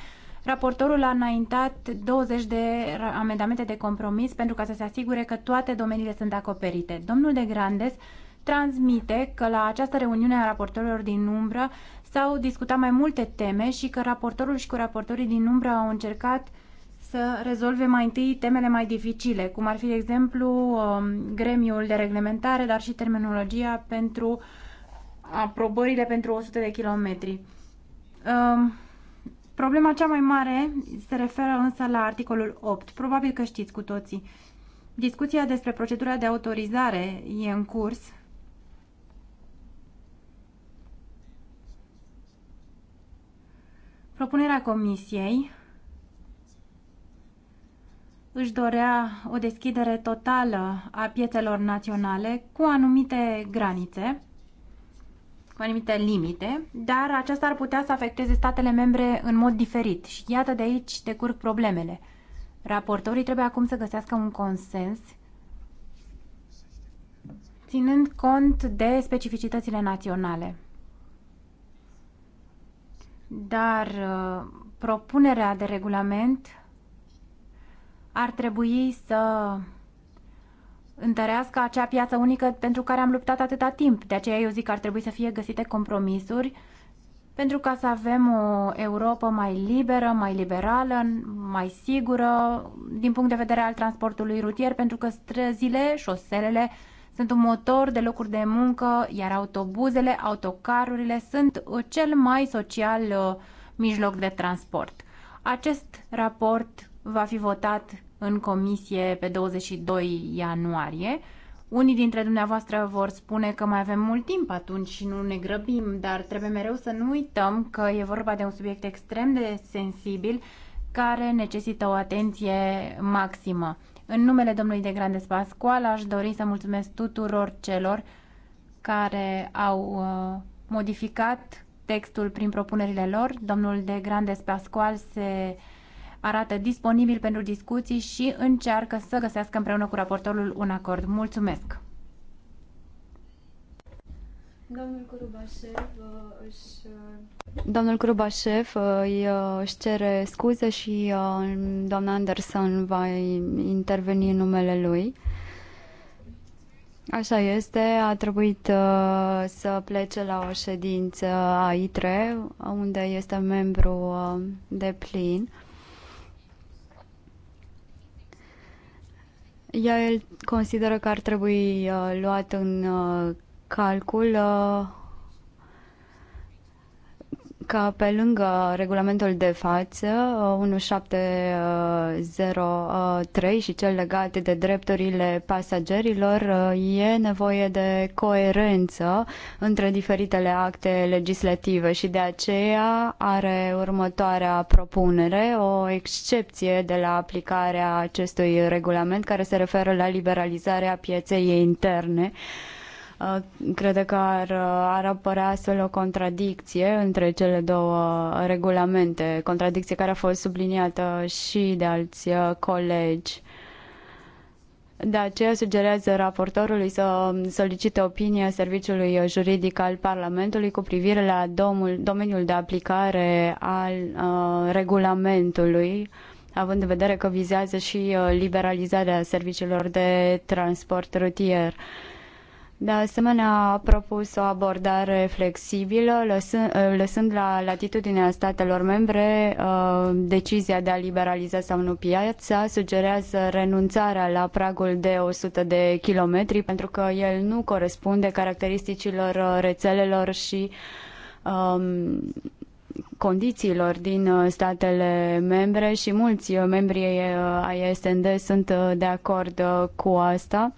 Raportorul a înaintat 20 de amendamente de compromis pentru ca să se asigure că toate domeniile sunt acoperite. Domnul de Grandes transmite că la această reuniune a raportorilor din umbră s-au discutat mai multe teme și că raportorul și cu raportorii din umbră au încercat să rezolve mai întâi temele mai dificile, cum ar fi, de exemplu, um, gremiul de reglementare, dar și terminologia pentru aprobările pentru 100 de kilometri. Um, Problema cea mai mare se referă însă la articolul 8. Probabil că știți cu toții. Discuția despre procedura de autorizare e în curs Propunerea comisiei își dorea o deschidere totală a piețelor naționale cu anumite granițe anumite limite, dar aceasta ar putea să afecteze statele membre în mod diferit și iată de aici decurg problemele. Raportorii trebuie acum să găsească un consens ținând cont de specificitățile naționale. Dar uh, propunerea de regulament ar trebui să întărească acea piață unică pentru care am luptat atâta timp. De aceea eu zic că ar trebui să fie găsite compromisuri pentru ca să avem o Europa mai liberă, mai liberală, mai sigură din punct de vedere al transportului rutier, pentru că străzile, șoselele sunt un motor de locuri de muncă, iar autobuzele, autocarurile sunt cel mai social uh, mijloc de transport. Acest raport va fi votat în comisie pe 22 ianuarie. Unii dintre dumneavoastră vor spune că mai avem mult timp atunci și nu ne grăbim, dar trebuie mereu să nu uităm că e vorba de un subiect extrem de sensibil care necesită o atenție maximă. În numele domnului de Grande Pascual aș dori să mulțumesc tuturor celor care au uh, modificat textul prin propunerile lor. Domnul de Grande Pascual se arată disponibil pentru discuții și încearcă să găsească împreună cu raportorul un acord. Mulțumesc! Domnul Curubașev uh, își... Uh, Domnul Curubașev uh, își cere scuze și doamna Anderson va interveni în numele lui. Așa este, a trebuit uh, să plece la o ședință a ITRE, unde este membru uh, de plin. El consideră că ar trebui uh, luat în uh, calcul uh, ca pe lângă regulamentul de față 1703 uh, uh, uh, și cel legat de drepturile pasagerilor e nevoie de coerență între diferitele acte legislative și de aceea are următoarea propunere o excepție de la aplicarea acestui regulament care se referă la liberalizarea pieței interne. Uh, Uh, crede că ar, uh, ar apărea astfel o contradicție între cele două regulamente, contradicție care a fost subliniată și de alți uh, colegi. De aceea sugerează raportorului să solicite opinia Serviciului Juridic al Parlamentului cu privire la domul, domeniul de aplicare al uh, regulamentului, având în vedere că vizează și liberalizarea serviciilor de transport rutier. Uh, de asemenea, a propus o abordare flexibilă, lăsând, lăsând la latitudinea statelor membre uh, decizia de a liberaliza sau nu piața, sugerează renunțarea la pragul de 100 de kilometri pentru că el nu corespunde caracteristicilor uh, rețelelor și um, condițiilor din uh, statele membre și mulți membri ai SND sunt de acord cu asta.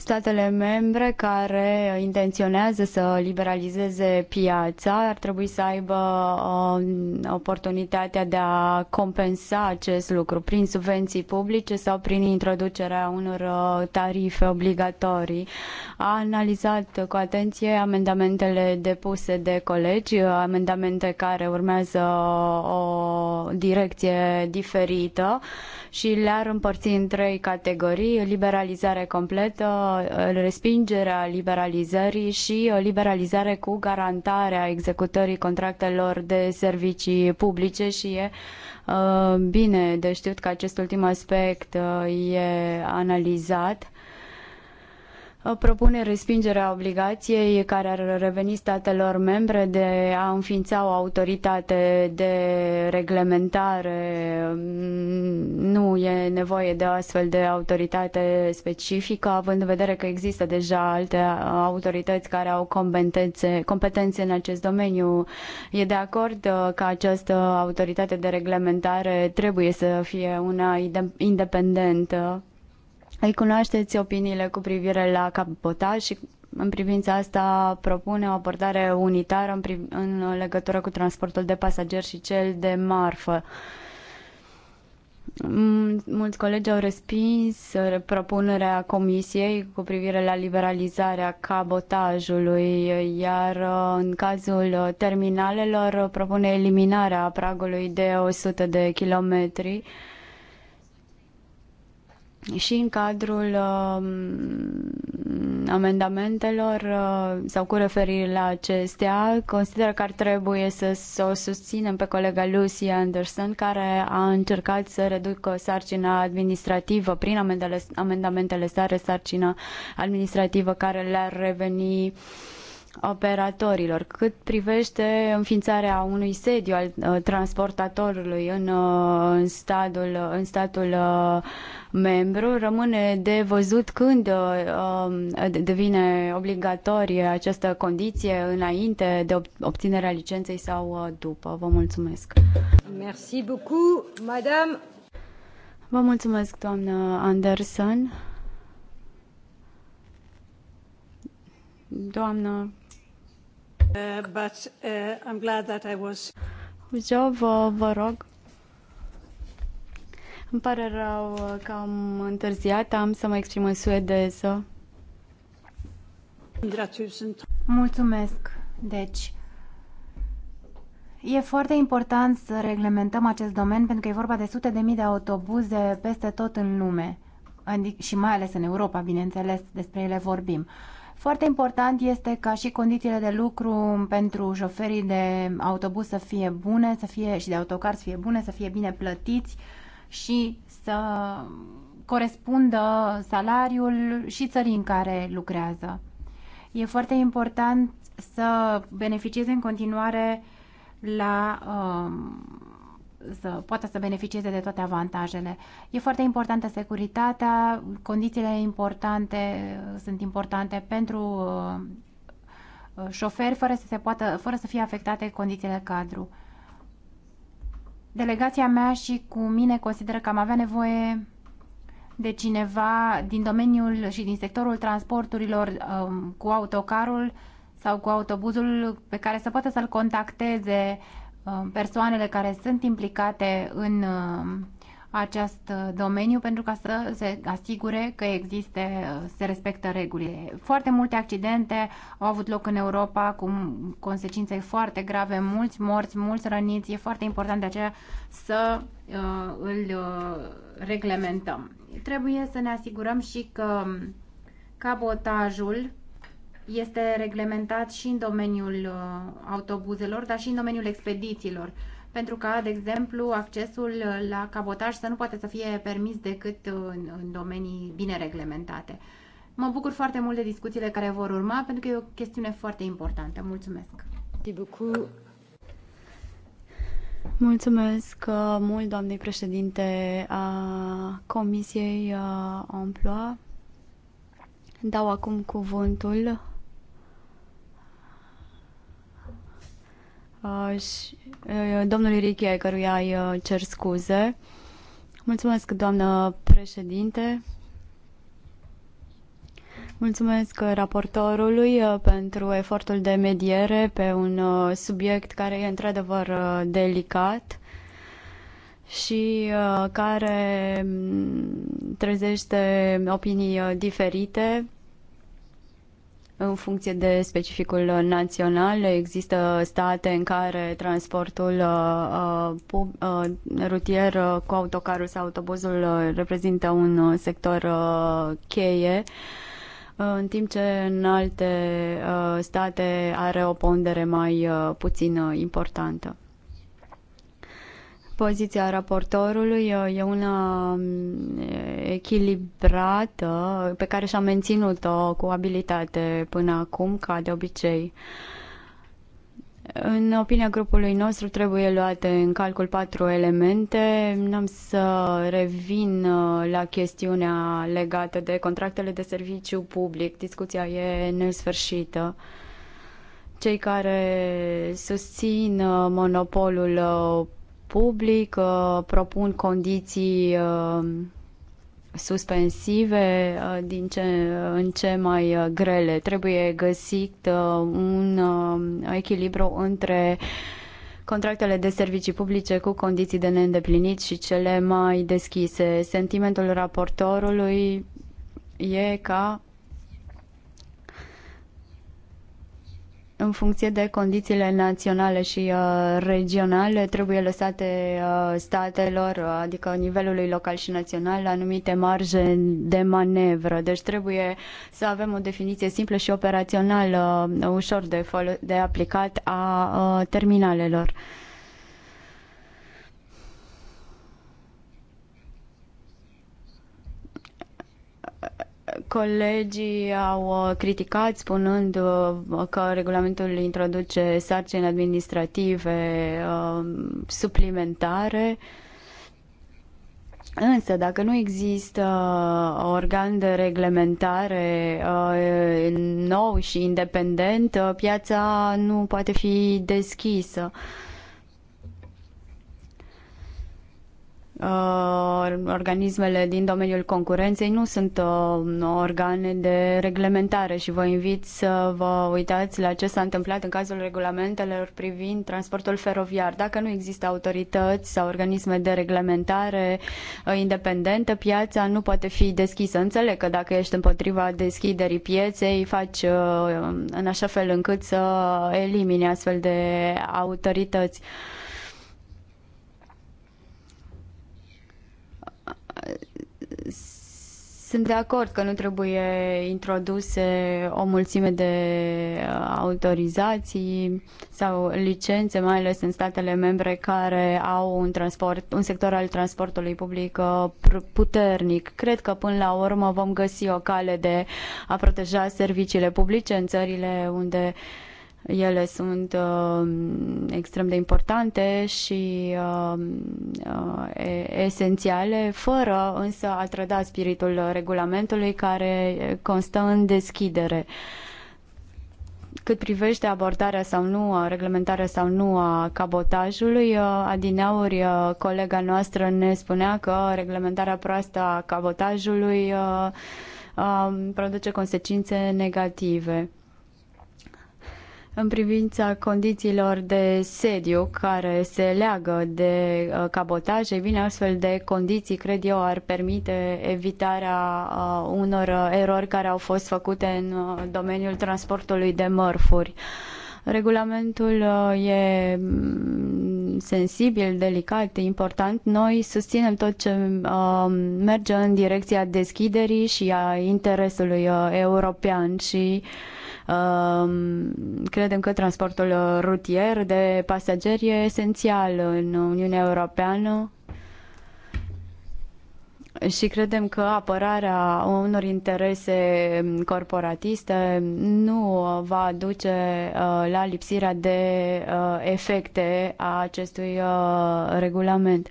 Statele membre care intenționează să liberalizeze piața ar trebui să aibă um, oportunitatea de a compensa acest lucru prin subvenții publice sau prin introducerea unor uh, tarife obligatorii. A analizat cu atenție amendamentele depuse de colegi, amendamente care urmează o direcție diferită și le-ar împărți în trei categorii, liberalizare completă, Uh, respingerea liberalizării și uh, liberalizare cu garantarea executării contractelor de servicii publice și e uh, bine de știut că acest ultim aspect e analizat Uh, propune respingerea obligației care ar reveni statelor membre de a înființa o autoritate de reglementare. Mm, nu e nevoie de o astfel de autoritate specifică, având în vedere că există deja alte uh, autorități care au competențe, competențe în acest domeniu. E de acord uh, că această autoritate de reglementare trebuie să fie una independentă îi cunoașteți opiniile cu privire la cabotaj și în privința asta propune o abordare unitară în, priv- în legătură cu transportul de pasageri și cel de marfă. Mulți colegi au respins uh, propunerea Comisiei cu privire la liberalizarea cabotajului, iar uh, în cazul uh, terminalelor propune eliminarea pragului de 100 de kilometri și în cadrul uh, amendamentelor uh, sau cu referire la acestea, consider că ar trebui să, să o susținem pe colega Lucy Anderson, care a încercat să reducă sarcina administrativă prin amendele, amendamentele sare, sarcina administrativă care le-ar reveni uh, operatorilor. Cât privește înființarea unui sediu al uh, transportatorului în, uh, uh, în, statul, în statul membru, rămâne de văzut când um, devine obligatorie această condiție înainte de obținerea licenței sau după. Vă mulțumesc. Merci beaucoup, madame. Vă mulțumesc, doamnă Anderson. Doamnă but uh, I'm glad that I was... vă, vă rog. Îmi pare rău că am întârziat, am să mă exprim în suedeză. Mulțumesc. Deci, E foarte important să reglementăm acest domeniu pentru că e vorba de sute de mii de autobuze peste tot în lume adic- și mai ales în Europa, bineînțeles, despre ele vorbim. Foarte important este ca și condițiile de lucru pentru șoferii de autobuz să fie bune, să fie și de autocar să fie bune, să fie bine plătiți și să corespundă salariul și țării în care lucrează. E foarte important să beneficieze în continuare la um, să poată să beneficieze de toate avantajele. E foarte importantă securitatea, condițiile importante sunt importante pentru uh, uh, șoferi fără să, se poată, fără să fie afectate condițiile cadru. Delegația mea și cu mine consideră că am avea nevoie de cineva din domeniul și din sectorul transporturilor um, cu autocarul sau cu autobuzul pe care să poată să-l contacteze Uh, persoanele care sunt implicate în uh, acest domeniu pentru ca să se asigure că există uh, se respectă regulile. Foarte multe accidente au avut loc în Europa cu consecințe foarte grave, mulți morți, mulți răniți. E foarte important de aceea să uh, îl uh, reglementăm. Trebuie să ne asigurăm și că cabotajul este reglementat și în domeniul uh, autobuzelor, dar și în domeniul expedițiilor. Pentru ca, de exemplu, accesul uh, la cabotaj să nu poate să fie permis decât uh, în, în domenii bine reglementate. Mă bucur foarte mult de discuțiile care vor urma, pentru că e o chestiune foarte importantă. Mulțumesc! Mulțumesc mult, doamnei președinte a Comisiei Emploi. Dau acum cuvântul Uh, uh, domnului Richi, ai căruia îi uh, cer scuze. Mulțumesc, doamnă președinte. Mulțumesc raportorului pentru efortul de mediere pe un subiect care e într-adevăr delicat și care mm, trezește opinii diferite în funcție de specificul național. Există state în care transportul uh, uh, uh, rutier cu autocarul sau autobuzul reprezintă un sector cheie în timp ce în alte state are o pondere mai puțin importantă. Poziția raportorului e una mm, echilibrată pe care și-a menținut-o cu abilitate până acum, ca de obicei. În opinia grupului nostru trebuie luate în calcul patru elemente. N-am să revin uh, la chestiunea legată de contractele de serviciu public. Discuția e nesfârșită. Cei care susțin uh, monopolul uh, public, uh, propun condiții uh, suspensive uh, din ce în ce mai grele. Trebuie găsit un echilibru între contractele de servicii publice cu condiții de neîndeplinit și cele mai deschise. Sentimentul raportorului e ca în funcție de condițiile naționale și uh, regionale, trebuie lăsate uh, statelor, uh, adică nivelului local și național, anumite marje de manevră. Deci trebuie să avem o definiție simplă și operațională, ușor de, de aplicat a terminalelor. Colegii au uh, criticat spunând uh, că regulamentul introduce sarcini administrative uh, suplimentare. Însă, dacă nu există organ de reglementare nou și independent, piața nu poate fi deschisă. Uh, Uh, organismele din domeniul concurenței nu sunt uh, organe de reglementare și vă invit să vă uitați la ce s-a întâmplat în cazul regulamentelor privind transportul feroviar. Dacă nu există autorități sau organisme de reglementare uh, independente, piața nu poate fi deschisă. Înțeleg că dacă ești împotriva deschiderii pieței, faci în așa fel încât să elimini astfel de autorități. sunt de acord că nu trebuie introduse o mulțime de uh, autorizații sau licențe, mai ales în statele membre care au un, transport, un sector al transportului public uh, puternic. Cred că până la urmă vom găsi o cale de a proteja serviciile publice în țările unde uh, ele sunt uh, extrem de importante și uh, uh, esențiale, fără însă a trăda spiritul regulamentului care constă în deschidere. Cât privește abordarea sau nu, a reglementarea sau nu a cabotajului, uh, adineauri uh, colega noastră ne spunea că reglementarea proastă a cabotajului uh, produce consecințe negative în privința condițiilor de sediu care se leagă de uh, cabotaj, e bine, astfel de condiții, cred eu, ar permite evitarea uh, unor uh, erori care au fost făcute în domeniul transportului de mărfuri. Regulamentul e mm, sensibil, delicat, important. Noi susținem tot ce merge în direcția deschiderii și a interesului european și Credem că transportul rutier de pasageri e esențial în Uniunea Europeană și credem că apărarea unor interese corporatiste nu va duce uh, la lipsirea de uh, efecte a acestui uh, regulament.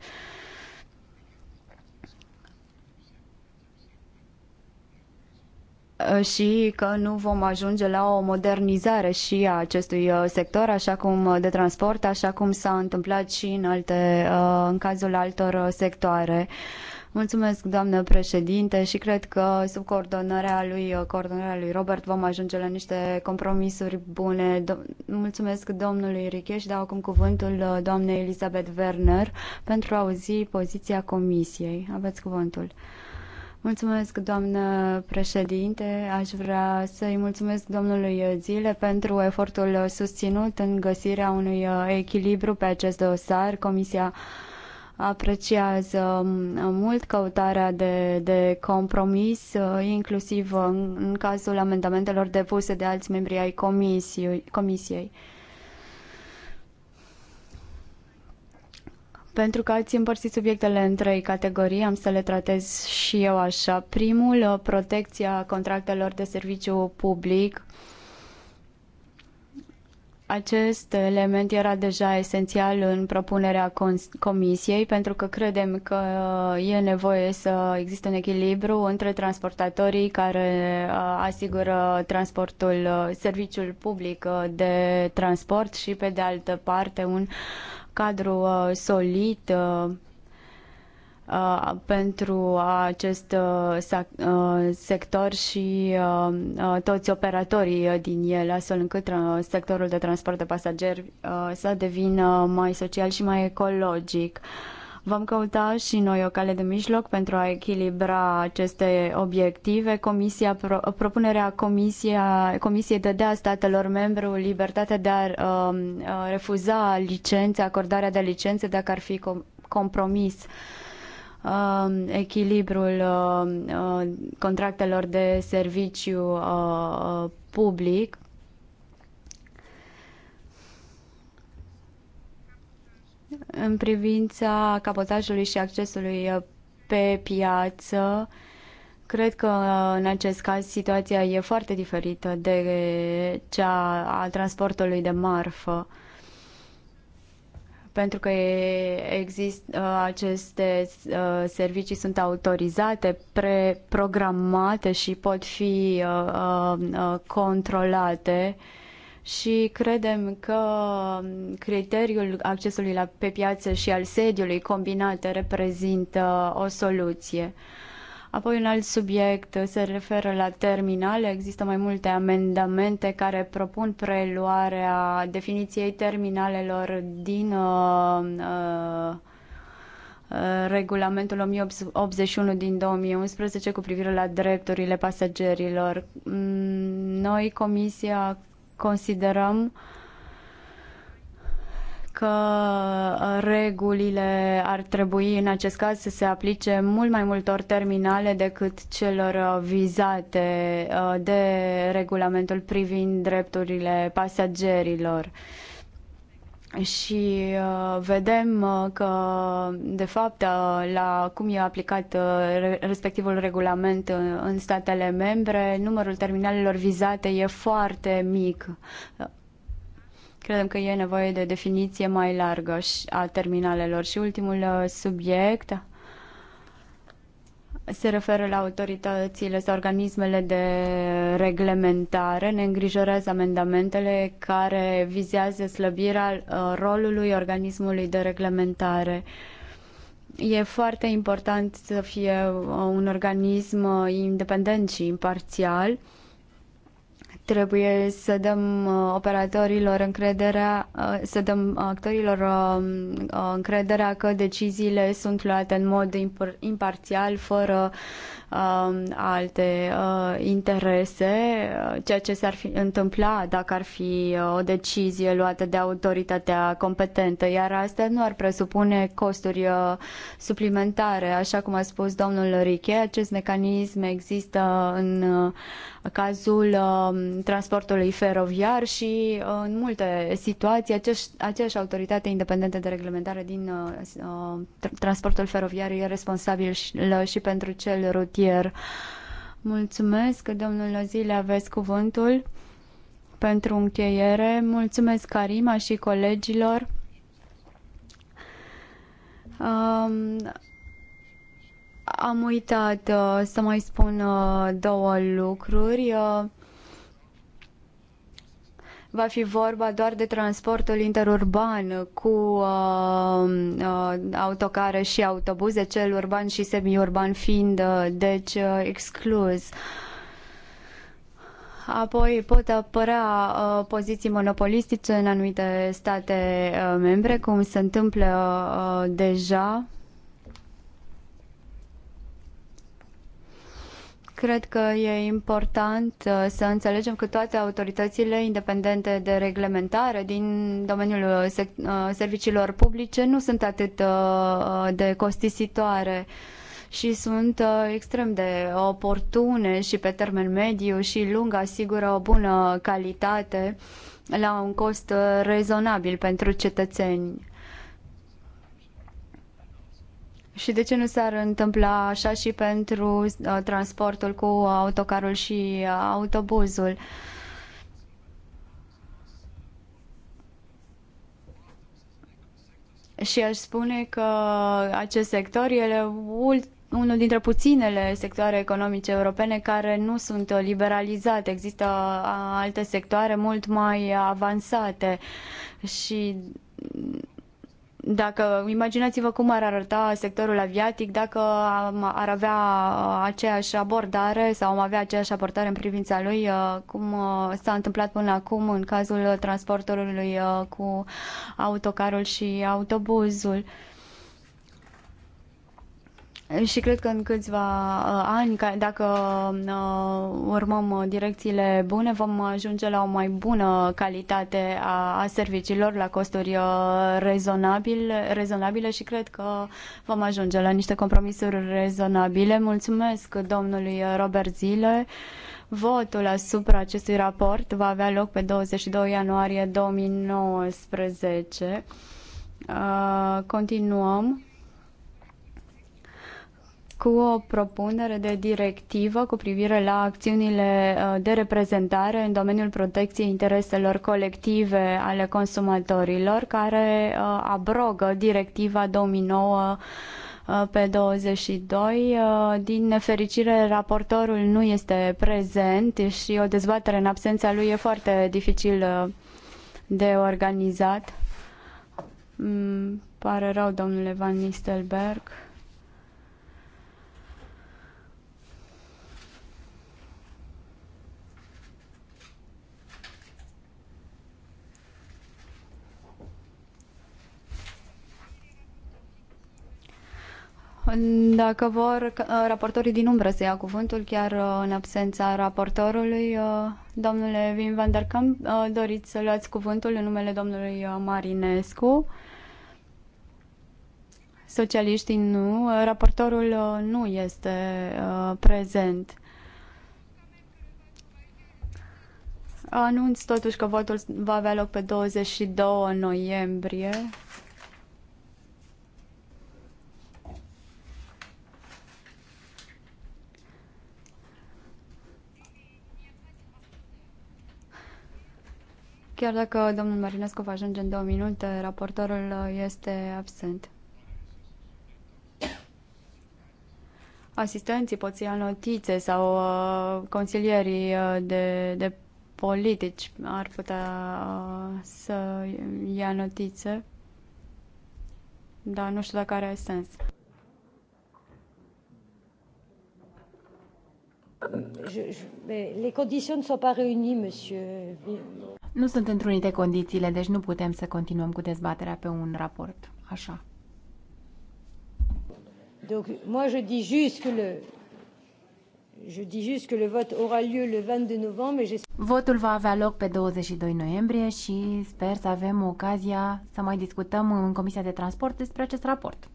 Uh, și că nu vom ajunge la o modernizare și a acestui uh, sector, așa cum uh, de transport, așa cum s-a întâmplat și în, alte, în cazul altor sectoare. Mulțumesc, doamnă președinte, și cred că sub coordonarea lui, coordonarea lui Robert vom ajunge la niște compromisuri bune. Mulțumesc domnului Riche și dau acum cuvântul doamnei Elisabeth Werner pentru a auzi poziția comisiei. Aveți cuvântul. Mulțumesc, doamnă președinte. Aș vrea să-i mulțumesc domnului Zile pentru efortul susținut în găsirea unui uh, echilibru pe acest dosar. Comisia apreciază mm, mult căutarea de, de compromis, uh, inclusiv în cazul amendamentelor depuse de alți membri ai comisiei. comisiei. pentru că ați împărțit subiectele în trei categorii, am să le tratez și eu așa. Primul, uh, protecția contractelor de serviciu public. Acest element era deja esențial în propunerea comisiei pentru că credem că uh, e nevoie să existe un echilibru între transportatorii care uh, asigură transportul, serviciul public de transport și pe de altă parte un cadru uh, solid uh, uh, pentru acest sector și toți operatorii din el, astfel încât sectorul de transport de pasageri să devină mai social și mai ecologic. Uh, Vom căuta și noi o cale de mijloc pentru a echilibra aceste obiective. Comisia, pro, propunerea comisia, Comisiei dădea statelor membre libertatea de a uh, refuza licențe, acordarea de licențe dacă ar fi com- compromis um, echilibrul um, uh, contractelor de serviciu uh, uh, public în privința cabotajului și accesului uh, pe piață. Cred că uh, în acest caz situația e foarte diferită de cea a transportului de marfă pentru că există uh, aceste servicii sunt autorizate, preprogramate și pot fi controlate și credem că criteriul accesului la, pe piață și al sediului combinate reprezintă o soluție. Apoi un alt subiect se referă la terminale. Există mai multe amendamente care propun preluarea definiției terminalelor din uh, uh, regulamentul 1081 din 2011 cu privire la drepturile pasagerilor. Mm, noi, Comisia, considerăm că regulile ar trebui în acest caz să se aplice mult mai multor terminale decât celor vizate uh, de regulamentul privind drepturile pasagerilor și uh, vedem uh, că, de fapt, uh, la cum e aplicat respectivul regulament în statele membre, numărul terminalelor vizate e foarte mic. Credem că e nevoie de definiție mai largă a terminalelor. Și ultimul subiect se referă la autoritățile sau organismele de reglementare. Ne îngrijorează amendamentele care vizează slăbirea uh, rolului organismului de reglementare. E foarte important să fie un organism uh, independent și imparțial Trebuie să dăm uh, operatorilor încrederea, uh, să dăm actorilor uh, încrederea că deciziile sunt luate în mod imparțial, fără Um, alte uh, interese, uh, ceea ce s-ar fi întâmpla dacă ar fi uh, o decizie luată de autoritatea competentă, iar asta nu ar presupune costuri suplimentare. Așa cum a spus domnul Riche, acest mecanism există în cazul um, transportului feroviar și în multe situații acești, aceeași autoritate independentă de reglementare din transportul feroviar e responsabil și, și pentru cel rutier rutier. Mulțumesc, domnul Lozile, aveți cuvântul pentru încheiere. Mulțumesc Carima și colegilor. Um, am uitat uh, să mai spun uh, două lucruri. Uh, va fi vorba doar de transportul interurban cu uh, uh, autocare și autobuze, cel urban și semiurban fiind uh, deci uh, exclus. Apoi pot apărea uh, poziții monopolistice în anumite state uh, membre, cum se întâmplă uh, deja Cred că e important uh, să înțelegem că toate autoritățile independente de reglementare din domeniul uh, uh, serviciilor publice nu sunt atât de costisitoare și sunt extrem de oportune și pe termen mediu și lung asigură o bună calitate la un cost rezonabil pentru cetățeni. Și de ce nu s-ar întâmpla așa și pentru uh, transportul cu autocarul și uh, autobuzul? Și aș spune că acest sector e unul dintre puținele sectoare economice europene care nu sunt liberalizate. Există uh, alte sectoare mult mai avansate și dacă imaginați-vă cum ar arăta sectorul aviatic dacă ar avea uh, aceeași abordare sau am avea aceeași abordare în privința lui, uh, cum uh, s-a întâmplat până acum în cazul transportorului cu autocarul și autobuzul. Și cred că în câțiva uh, ani, dacă uh, urmăm uh, direcțiile bune, vom ajunge la o mai bună calitate a serviciilor la costuri rezonabile, rezonabile și cred că vom ajunge la niște compromisuri rezonabile. Mulțumesc domnului Robert Zile. Votul asupra acestui raport va avea loc pe 22 ianuarie 2019. Continuăm cu o propunere de directivă cu privire la acțiunile uh, de reprezentare în domeniul protecției intereselor colective ale consumatorilor, care uh, abrogă directiva 2009 uh, pe 22. Din nefericire, raportorul nu este prezent și o dezbatere în absența lui e foarte dificil de organizat. Mm, pare rău, domnule Van Nistelberg. Dacă vor uh, raportorii din umbră să ia cuvântul, chiar uh, în absența raportorului, uh, domnule Wim van der Kamp, doriți să luați cuvântul în numele domnului Marinescu. Socialiștii nu, raportorul nu este prezent. Anunț totuși că votul va avea loc pe 22 noiembrie Chiar dacă domnul Marinescu va ajunge în două minute, raportorul uh, este absent. Asistenții pot să ia notițe sau uh, consilierii uh, de, de politici ar putea uh, să ia notițe, dar nu știu dacă are sens. Je, je, les conditions ne sont pas réunies, monsieur. Nu sunt întrunite condițiile, deci nu putem să continuăm cu dezbaterea pe un raport. Așa. Donc, moi je dis juste que le Je dis juste que le vote aura lieu le 22 novembre Je... Votul va avea loc pe 22 noiembrie și sper să avem ocazia să mai discutăm în Comisia de Transport despre acest raport.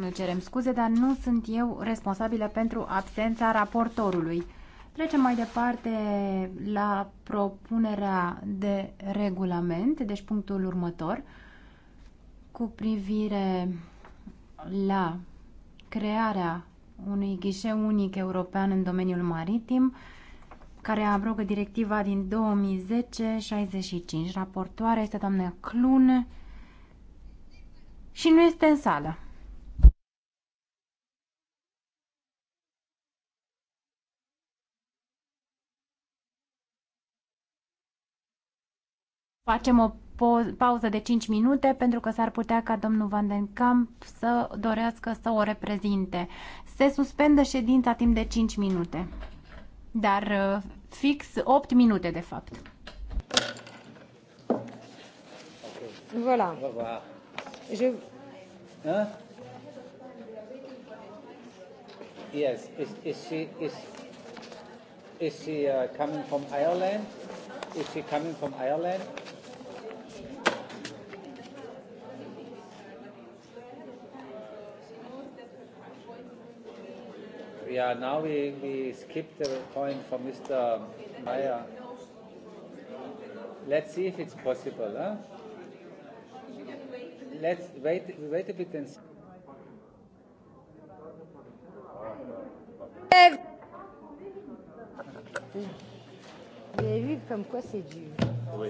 Îmi cerem scuze, dar nu sunt eu responsabilă pentru absența raportorului. Trecem mai departe la propunerea de regulament, deci punctul următor, cu privire la crearea unui ghișeu unic european în domeniul maritim, care abrogă directiva din 2010-65. Raportoarea este doamna Clun și nu este în sală. Facem o pauză de 5 minute pentru că s-ar putea ca domnul Van den Kamp să dorească să o reprezinte. Se suspendă ședința timp de 5 minute, dar uh, fix 8 minute de fapt. Voilà. Je... Hein? Yes, is, is she, is, is she uh, coming from Ireland? Is she coming from Ireland? yeah, now we, we skipped the point for Mr. Meyer. Let's see if it's possible. Huh? Let's wait, wait a bit and see. Vous avez vu comme quoi c'est dur. Oui.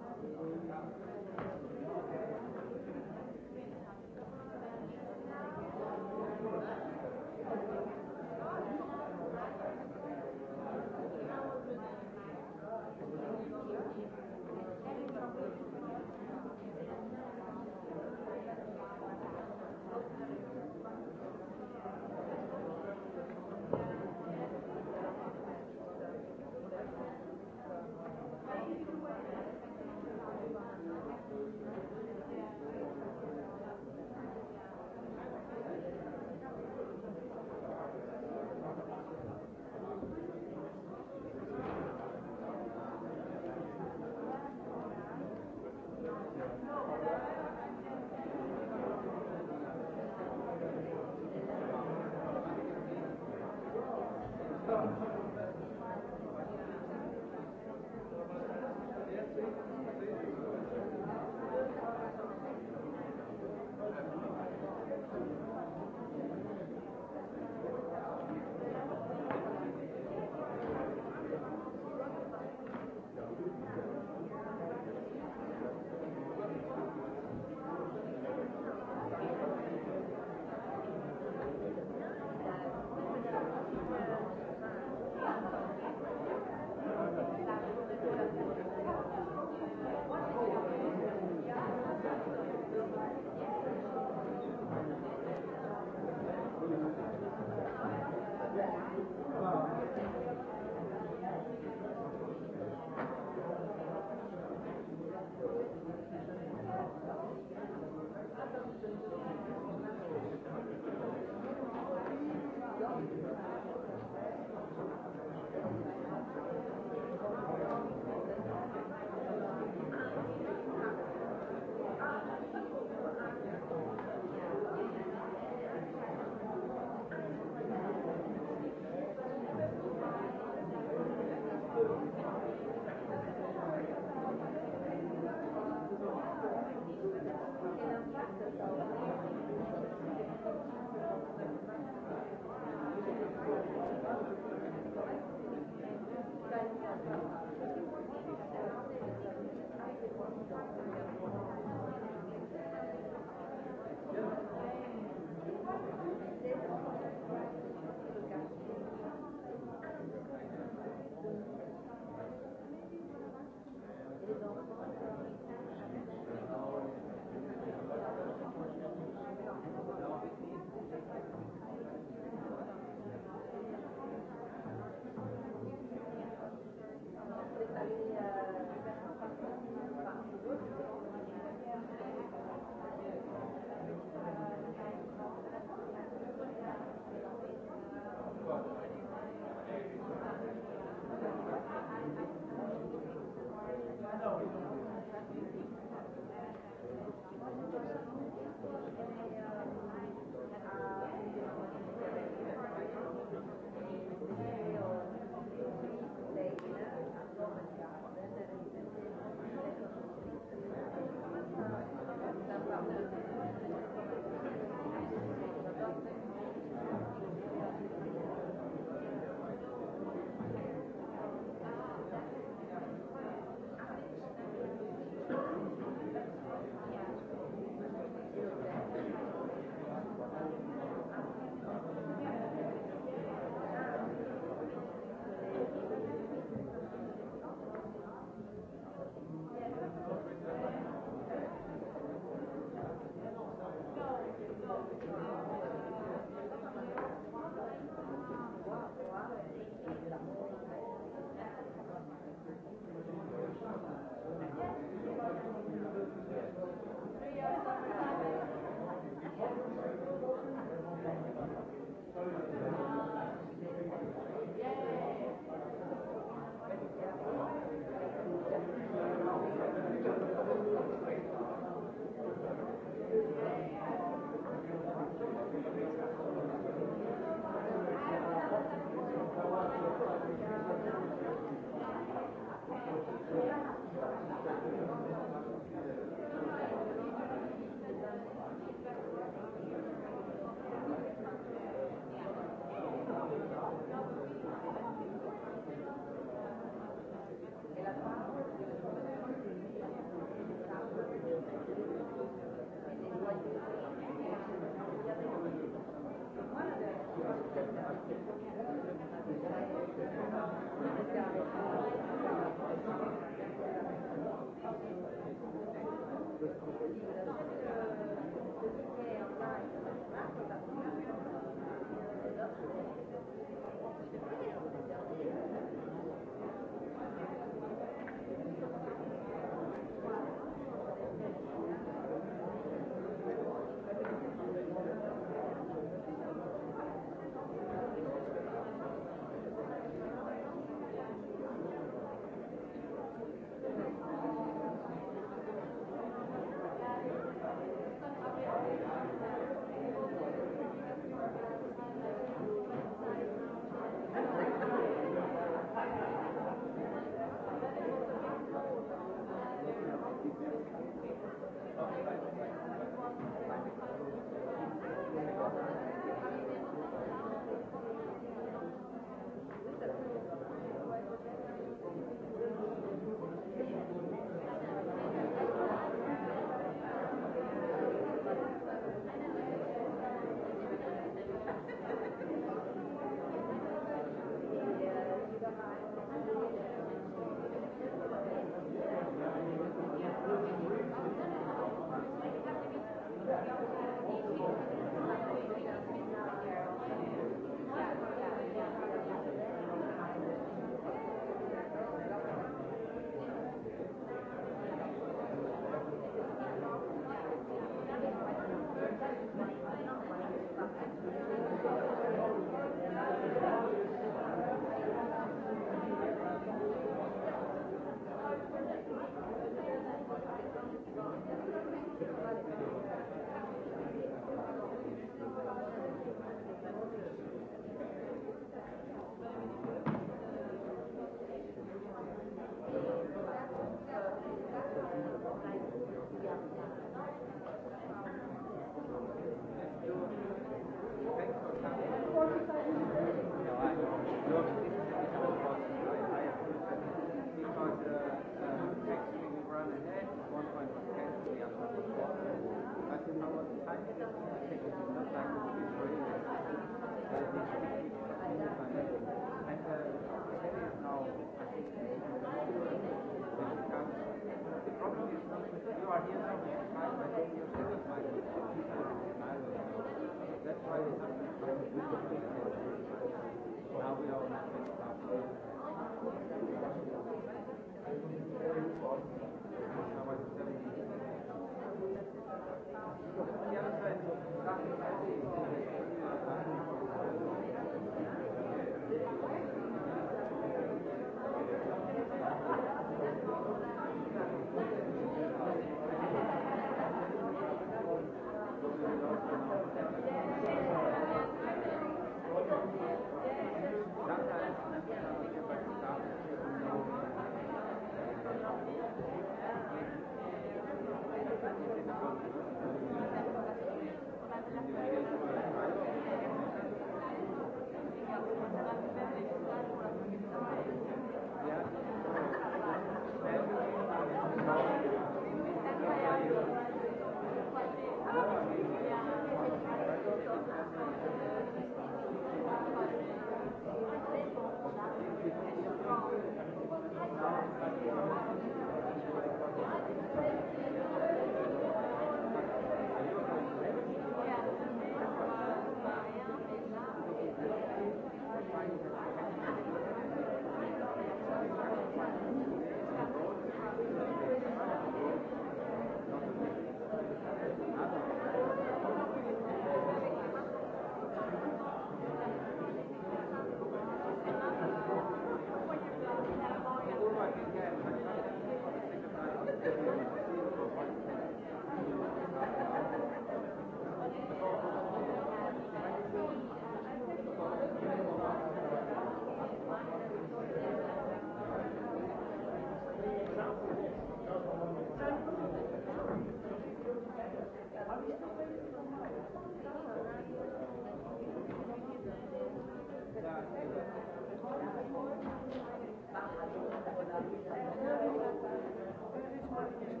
Thank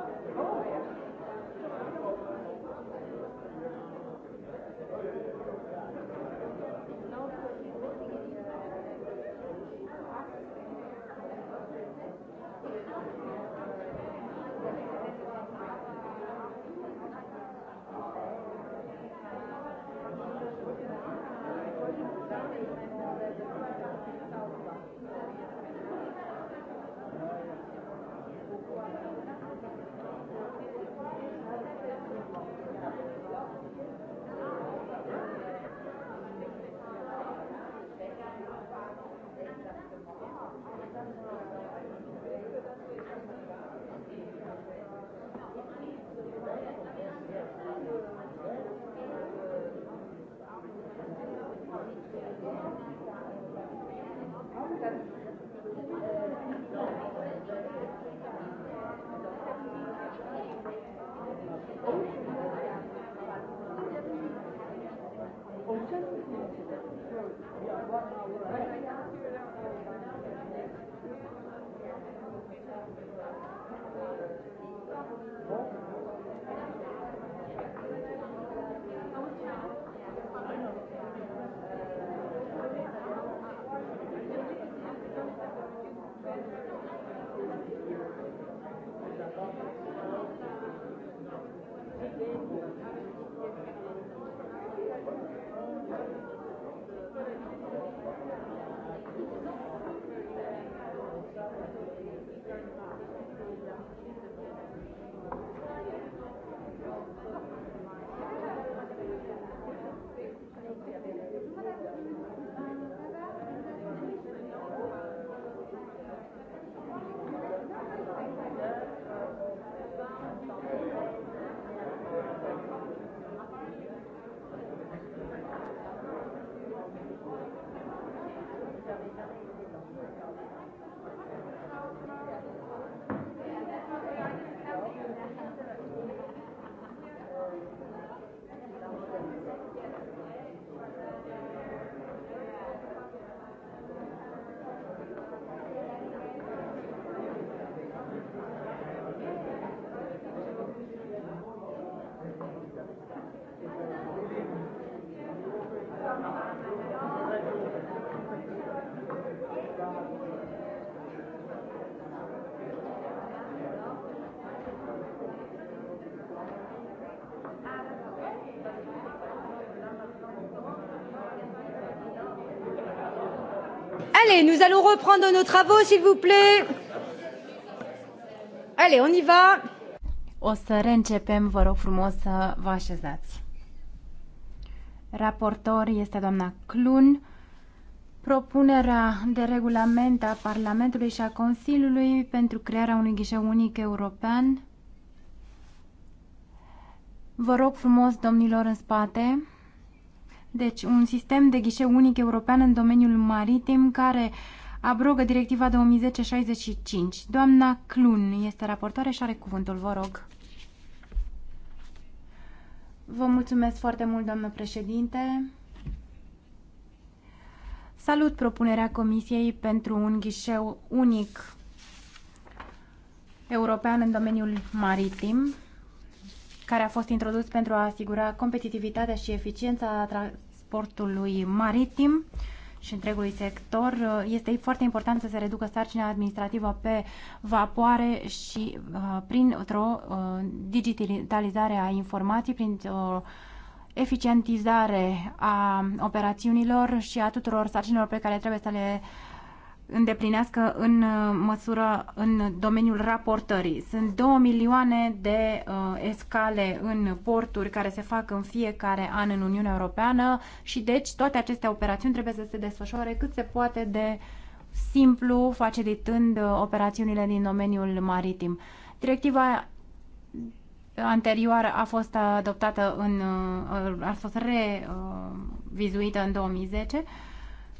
you. Allez, nous allons reprendre nos travaux, s'il vous plaît. Allez, on y va. O să reîncepem, vă rog frumos să vă așezați. Raportor este doamna Clun. Propunerea de regulament a Parlamentului și a Consiliului pentru crearea unui ghișeu unic european. Vă rog frumos, domnilor în spate, deci, un sistem de ghișeu unic european în domeniul maritim care abrogă directiva 2010-65. Doamna Clun este raportoare și are cuvântul, vă rog. Vă mulțumesc foarte mult, doamnă președinte. Salut propunerea Comisiei pentru un ghișeu unic european în domeniul maritim, care a fost introdus pentru a asigura competitivitatea și eficiența transportului maritim și întregului sector, uh, este foarte important să se reducă sarcina administrativă pe vapoare și uh, printr-o uh, digitalizare a informației, printr-o eficientizare a operațiunilor și a tuturor sarcinilor pe care trebuie să le îndeplinească în uh, măsură în domeniul raportării. Sunt 2 milioane de uh, escale în porturi care se fac în fiecare an în Uniunea Europeană și deci toate aceste operațiuni trebuie să se desfășoare cât se poate de simplu, facilitând uh, operațiunile din domeniul maritim. Directiva anterioară a fost adoptată în uh, a fost revizuită în 2010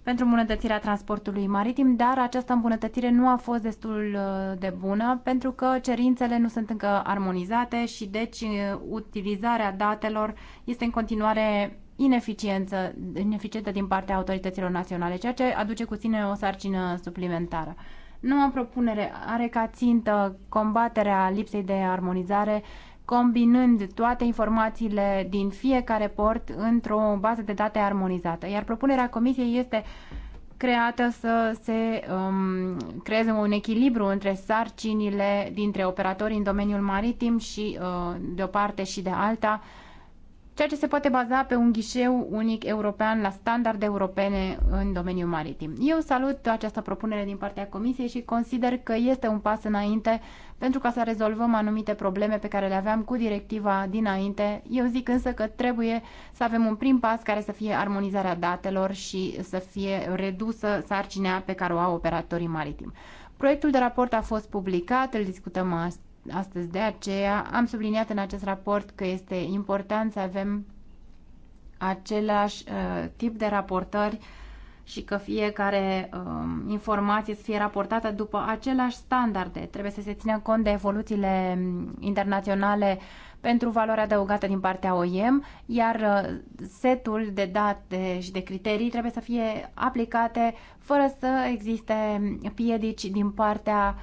pentru îmbunătățirea transportului maritim, dar această îmbunătățire nu a fost destul uh, de bună pentru că cerințele nu sunt încă armonizate și deci uh, utilizarea datelor este în continuare ineficiență, ineficientă din partea autorităților naționale, ceea ce aduce cu sine o sarcină suplimentară. Noua propunere are ca țintă combaterea lipsei de armonizare combinând toate informațiile din fiecare port într-o bază de date armonizată. Iar propunerea Comisiei este creată să se um, creeze un echilibru între sarcinile dintre operatorii în domeniul maritim și uh, de o parte și de alta, uh, ceea ce se poate baza pe un ghișeu unic european la standarde europene în domeniul maritim. Eu salut această propunere din partea Comisiei și consider că este un pas înainte pentru ca să rezolvăm anumite probleme pe care le aveam cu directiva dinainte. Eu zic însă că trebuie să avem un prim pas care să fie armonizarea datelor și să fie redusă sarcinea pe care o au operatorii maritim. Proiectul de raport a fost publicat, îl discutăm astăzi astăzi. De aceea am subliniat în acest raport că este important să avem același uh, tip de raportări și că fiecare uh, informație să fie raportată după același standarde. Trebuie să se țină cont de evoluțiile internaționale pentru valoarea adăugată din partea OIM, iar uh, setul de date și de criterii trebuie să fie aplicate fără să existe piedici din partea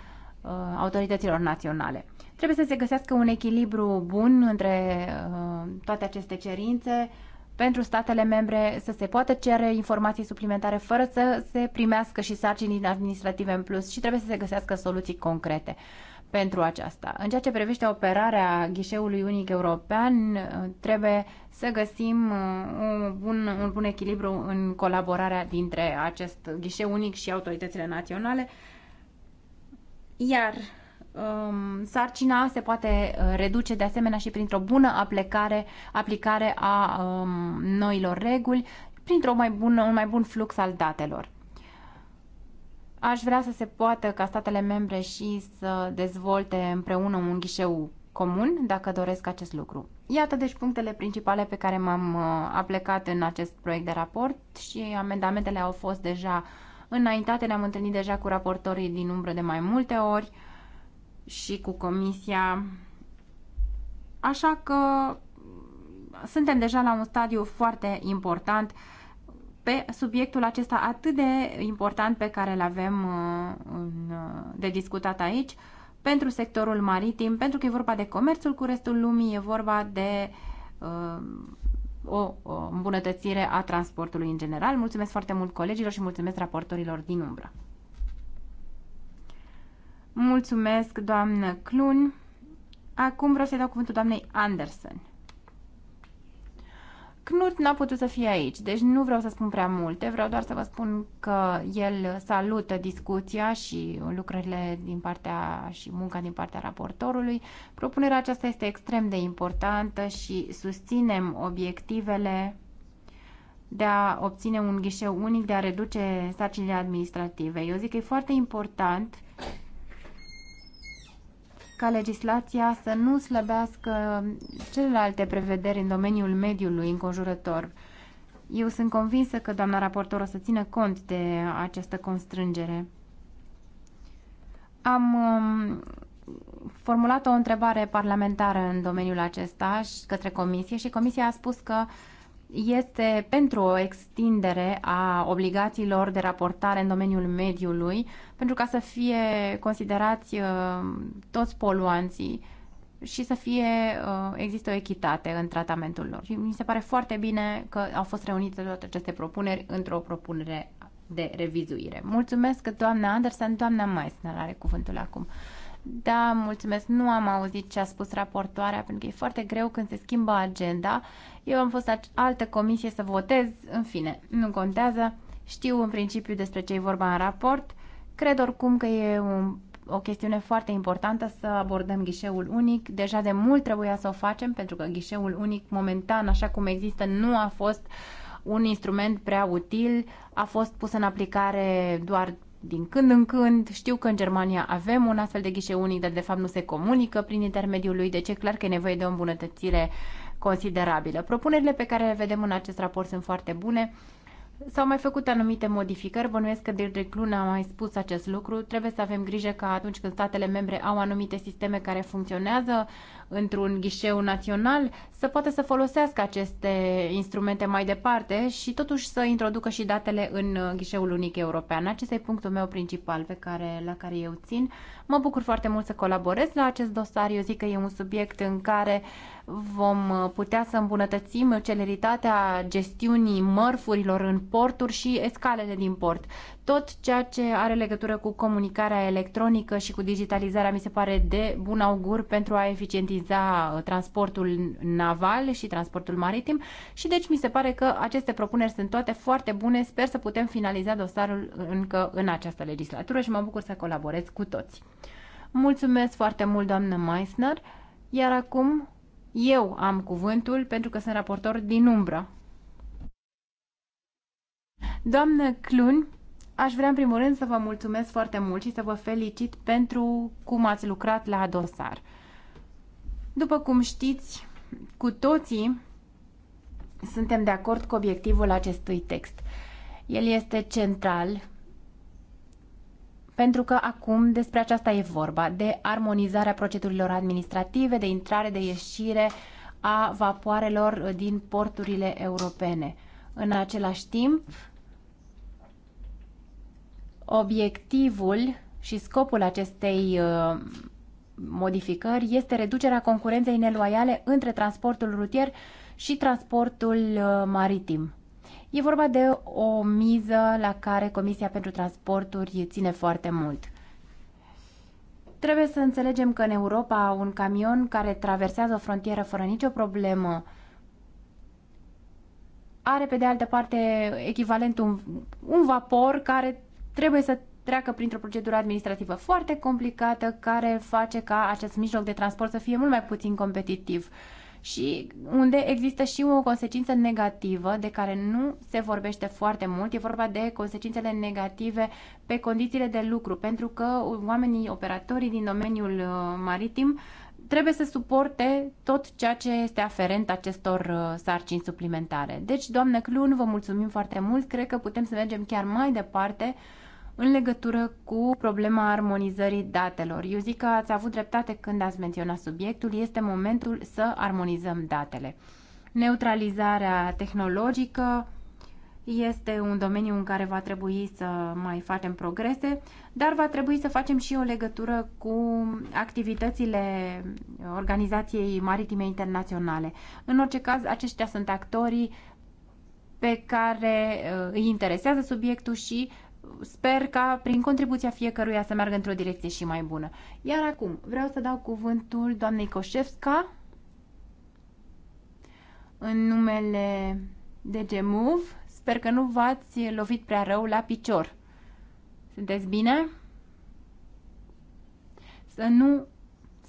uh, autorităților naționale. Trebuie să se găsească un echilibru bun între uh, toate aceste cerințe pentru statele membre să se poată cere informații suplimentare fără să se primească și sarcini administrative în plus și trebuie să se găsească soluții concrete pentru aceasta. În ceea ce privește operarea ghișeului unic european, uh, trebuie să găsim uh, un bun, un bun echilibru în colaborarea dintre acest ghișeu unic și autoritățile naționale. Iar Um, sarcina se poate uh, reduce de asemenea și printr-o bună aplicare, aplicare a um, noilor reguli, printr-un mai bun, un mai bun flux al datelor. Aș vrea să se poată ca statele membre și să dezvolte împreună un ghișeu comun dacă doresc acest lucru. Iată deci punctele principale pe care m-am uh, aplecat în acest proiect de raport și amendamentele au fost deja înaintate, ne-am întâlnit deja cu raportorii din umbră de mai multe ori și cu Comisia. Așa că suntem deja la un stadiu foarte important pe subiectul acesta atât de important pe care îl avem uh, uh, de discutat aici pentru sectorul maritim, pentru că e vorba de comerțul cu restul lumii, e vorba de uh, o, îmbunătățire a transportului în general. Mulțumesc foarte mult colegilor și mulțumesc raportorilor din umbră. Mulțumesc, doamnă Clun. Acum vreau să-i dau cuvântul doamnei Anderson. Knut n-a putut să fie aici, deci nu vreau să spun prea multe, vreau doar să vă spun că el salută discuția și lucrările din partea și munca din partea raportorului. Propunerea aceasta este extrem de importantă și susținem obiectivele de a obține un ghișeu unic, de a reduce sarcinile administrative. Eu zic că e foarte important ca legislația să nu slăbească celelalte prevederi în domeniul mediului înconjurător. Eu sunt convinsă că doamna raportor o să țină cont de această constrângere. Am um, formulat o întrebare parlamentară în domeniul acesta și către comisie și comisia a spus că uh, este pentru o extindere a obligațiilor de raportare în domeniul mediului, pentru ca să fie considerați uh, toți poluanții și să fie uh, există o echitate în tratamentul lor. Și mi se pare foarte bine că au fost reunite toate aceste propuneri într-o propunere de revizuire. Mulțumesc, doamna Anderson, doamna Meissner are cuvântul acum. Da, mulțumesc. Nu am auzit ce a spus raportoarea, pentru că e foarte greu când se schimbă agenda. Eu am fost altă comisie să votez, în fine, nu contează. Știu în principiu despre ce e vorba în raport. Cred oricum că e un, o chestiune foarte importantă să abordăm ghișeul unic. Deja de mult trebuia să o facem, pentru că ghișeul unic momentan, așa cum există, nu a fost un instrument prea util, a fost pus în aplicare doar din când în când. Știu că în Germania avem un astfel de ghișe unic, dar de fapt nu se comunică prin intermediul lui, deci e clar că e nevoie de o îmbunătățire considerabilă. Propunerile pe care le vedem în acest raport sunt foarte bune. S-au mai făcut anumite modificări, bănuiesc că Dirk Luna a mai spus acest lucru. Trebuie să avem grijă că atunci când statele membre au anumite sisteme care funcționează într-un ghișeu național, să poată să folosească aceste instrumente mai departe și totuși să introducă și datele în uh, ghișeul unic european. Acesta e punctul meu principal pe care, la care eu țin. Mă bucur foarte mult să colaborez la acest dosar. Eu zic că e un subiect în care vom uh, putea să îmbunătățim celeritatea gestiunii mărfurilor în porturi și escalele din port. Tot ceea ce are legătură cu comunicarea electronică și cu digitalizarea mi se pare de bun augur pentru a eficientiza uh, transportul naval și transportul maritim și deci mi se pare că aceste propuneri sunt toate foarte bune. Sper să putem finaliza dosarul încă în această legislatură și mă bucur să colaborez cu toți. Mulțumesc foarte mult, doamnă Meissner, iar acum eu am cuvântul pentru că sunt raportor din umbră. Doamnă Clun, Aș vrea în primul rând să vă mulțumesc foarte mult și să vă felicit pentru cum ați lucrat la dosar. După cum știți, cu toții suntem de acord cu obiectivul acestui text. El este central pentru că acum despre aceasta e vorba, de armonizarea procedurilor administrative, de intrare, de ieșire a vapoarelor din porturile europene. În același timp, Obiectivul și scopul acestei uh, modificări este reducerea concurenței neloiale între transportul rutier și transportul uh, maritim. E vorba de o miză la care Comisia pentru Transporturi ține foarte mult. Trebuie să înțelegem că în Europa un camion care traversează o frontieră fără nicio problemă are pe de altă parte echivalentul un, un vapor care trebuie să treacă printr-o procedură administrativă foarte complicată care face ca acest mijloc de transport să fie mult mai puțin competitiv și unde există și o consecință negativă de care nu se vorbește foarte mult. E vorba de consecințele negative pe condițiile de lucru, pentru că oamenii, operatorii din domeniul uh, maritim trebuie să suporte tot ceea ce este aferent acestor uh, sarcini suplimentare. Deci, doamnă Clun, vă mulțumim foarte mult. Cred că putem să mergem chiar mai departe în legătură cu problema armonizării datelor. Eu zic că ați avut dreptate când ați menționat subiectul, este momentul să armonizăm datele. Neutralizarea tehnologică este un domeniu în care va trebui să mai facem progrese, dar va trebui să facem și o legătură cu activitățile Organizației Maritime Internaționale. În orice caz, aceștia sunt actorii pe care uh, îi interesează subiectul și sper ca prin contribuția fiecăruia să meargă într-o direcție și mai bună. Iar acum vreau să dau cuvântul doamnei Coșevska în numele DG Move. Sper că nu v-ați lovit prea rău la picior. Sunteți bine? Să nu,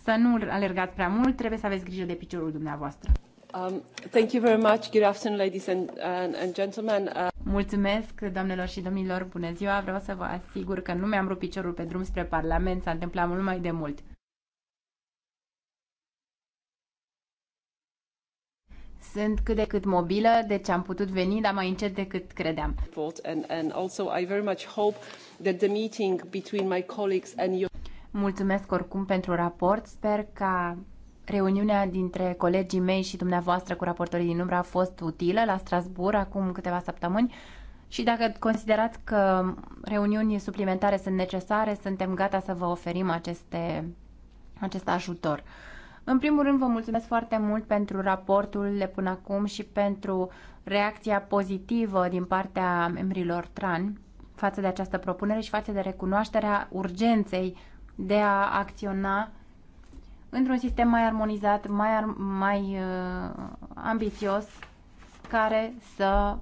să nu alergați prea mult, trebuie să aveți grijă de piciorul dumneavoastră. Um, thank you very much. Good afternoon, ladies and, and, uh, and gentlemen. Uh... Mulțumesc, doamnelor și domnilor, bună ziua! Vreau să vă asigur că nu mi-am rupt piciorul pe drum spre Parlament, s-a întâmplat mult mai de mult. Sunt cât de cât mobilă, deci am putut veni, dar mai încet decât credeam. Mulțumesc oricum pentru raport. Sper ca Reuniunea dintre colegii mei și dumneavoastră cu raportorii din umbră a fost utilă la Strasbourg acum câteva săptămâni și dacă considerați că reuniuni suplimentare sunt necesare, suntem gata să vă oferim aceste, acest ajutor. În primul rând, vă mulțumesc foarte mult pentru raportul de până acum și pentru reacția pozitivă din partea membrilor TRAN față de această propunere și față de recunoașterea urgenței de a acționa într-un sistem mai armonizat, mai, ar- mai uh, ambițios, care să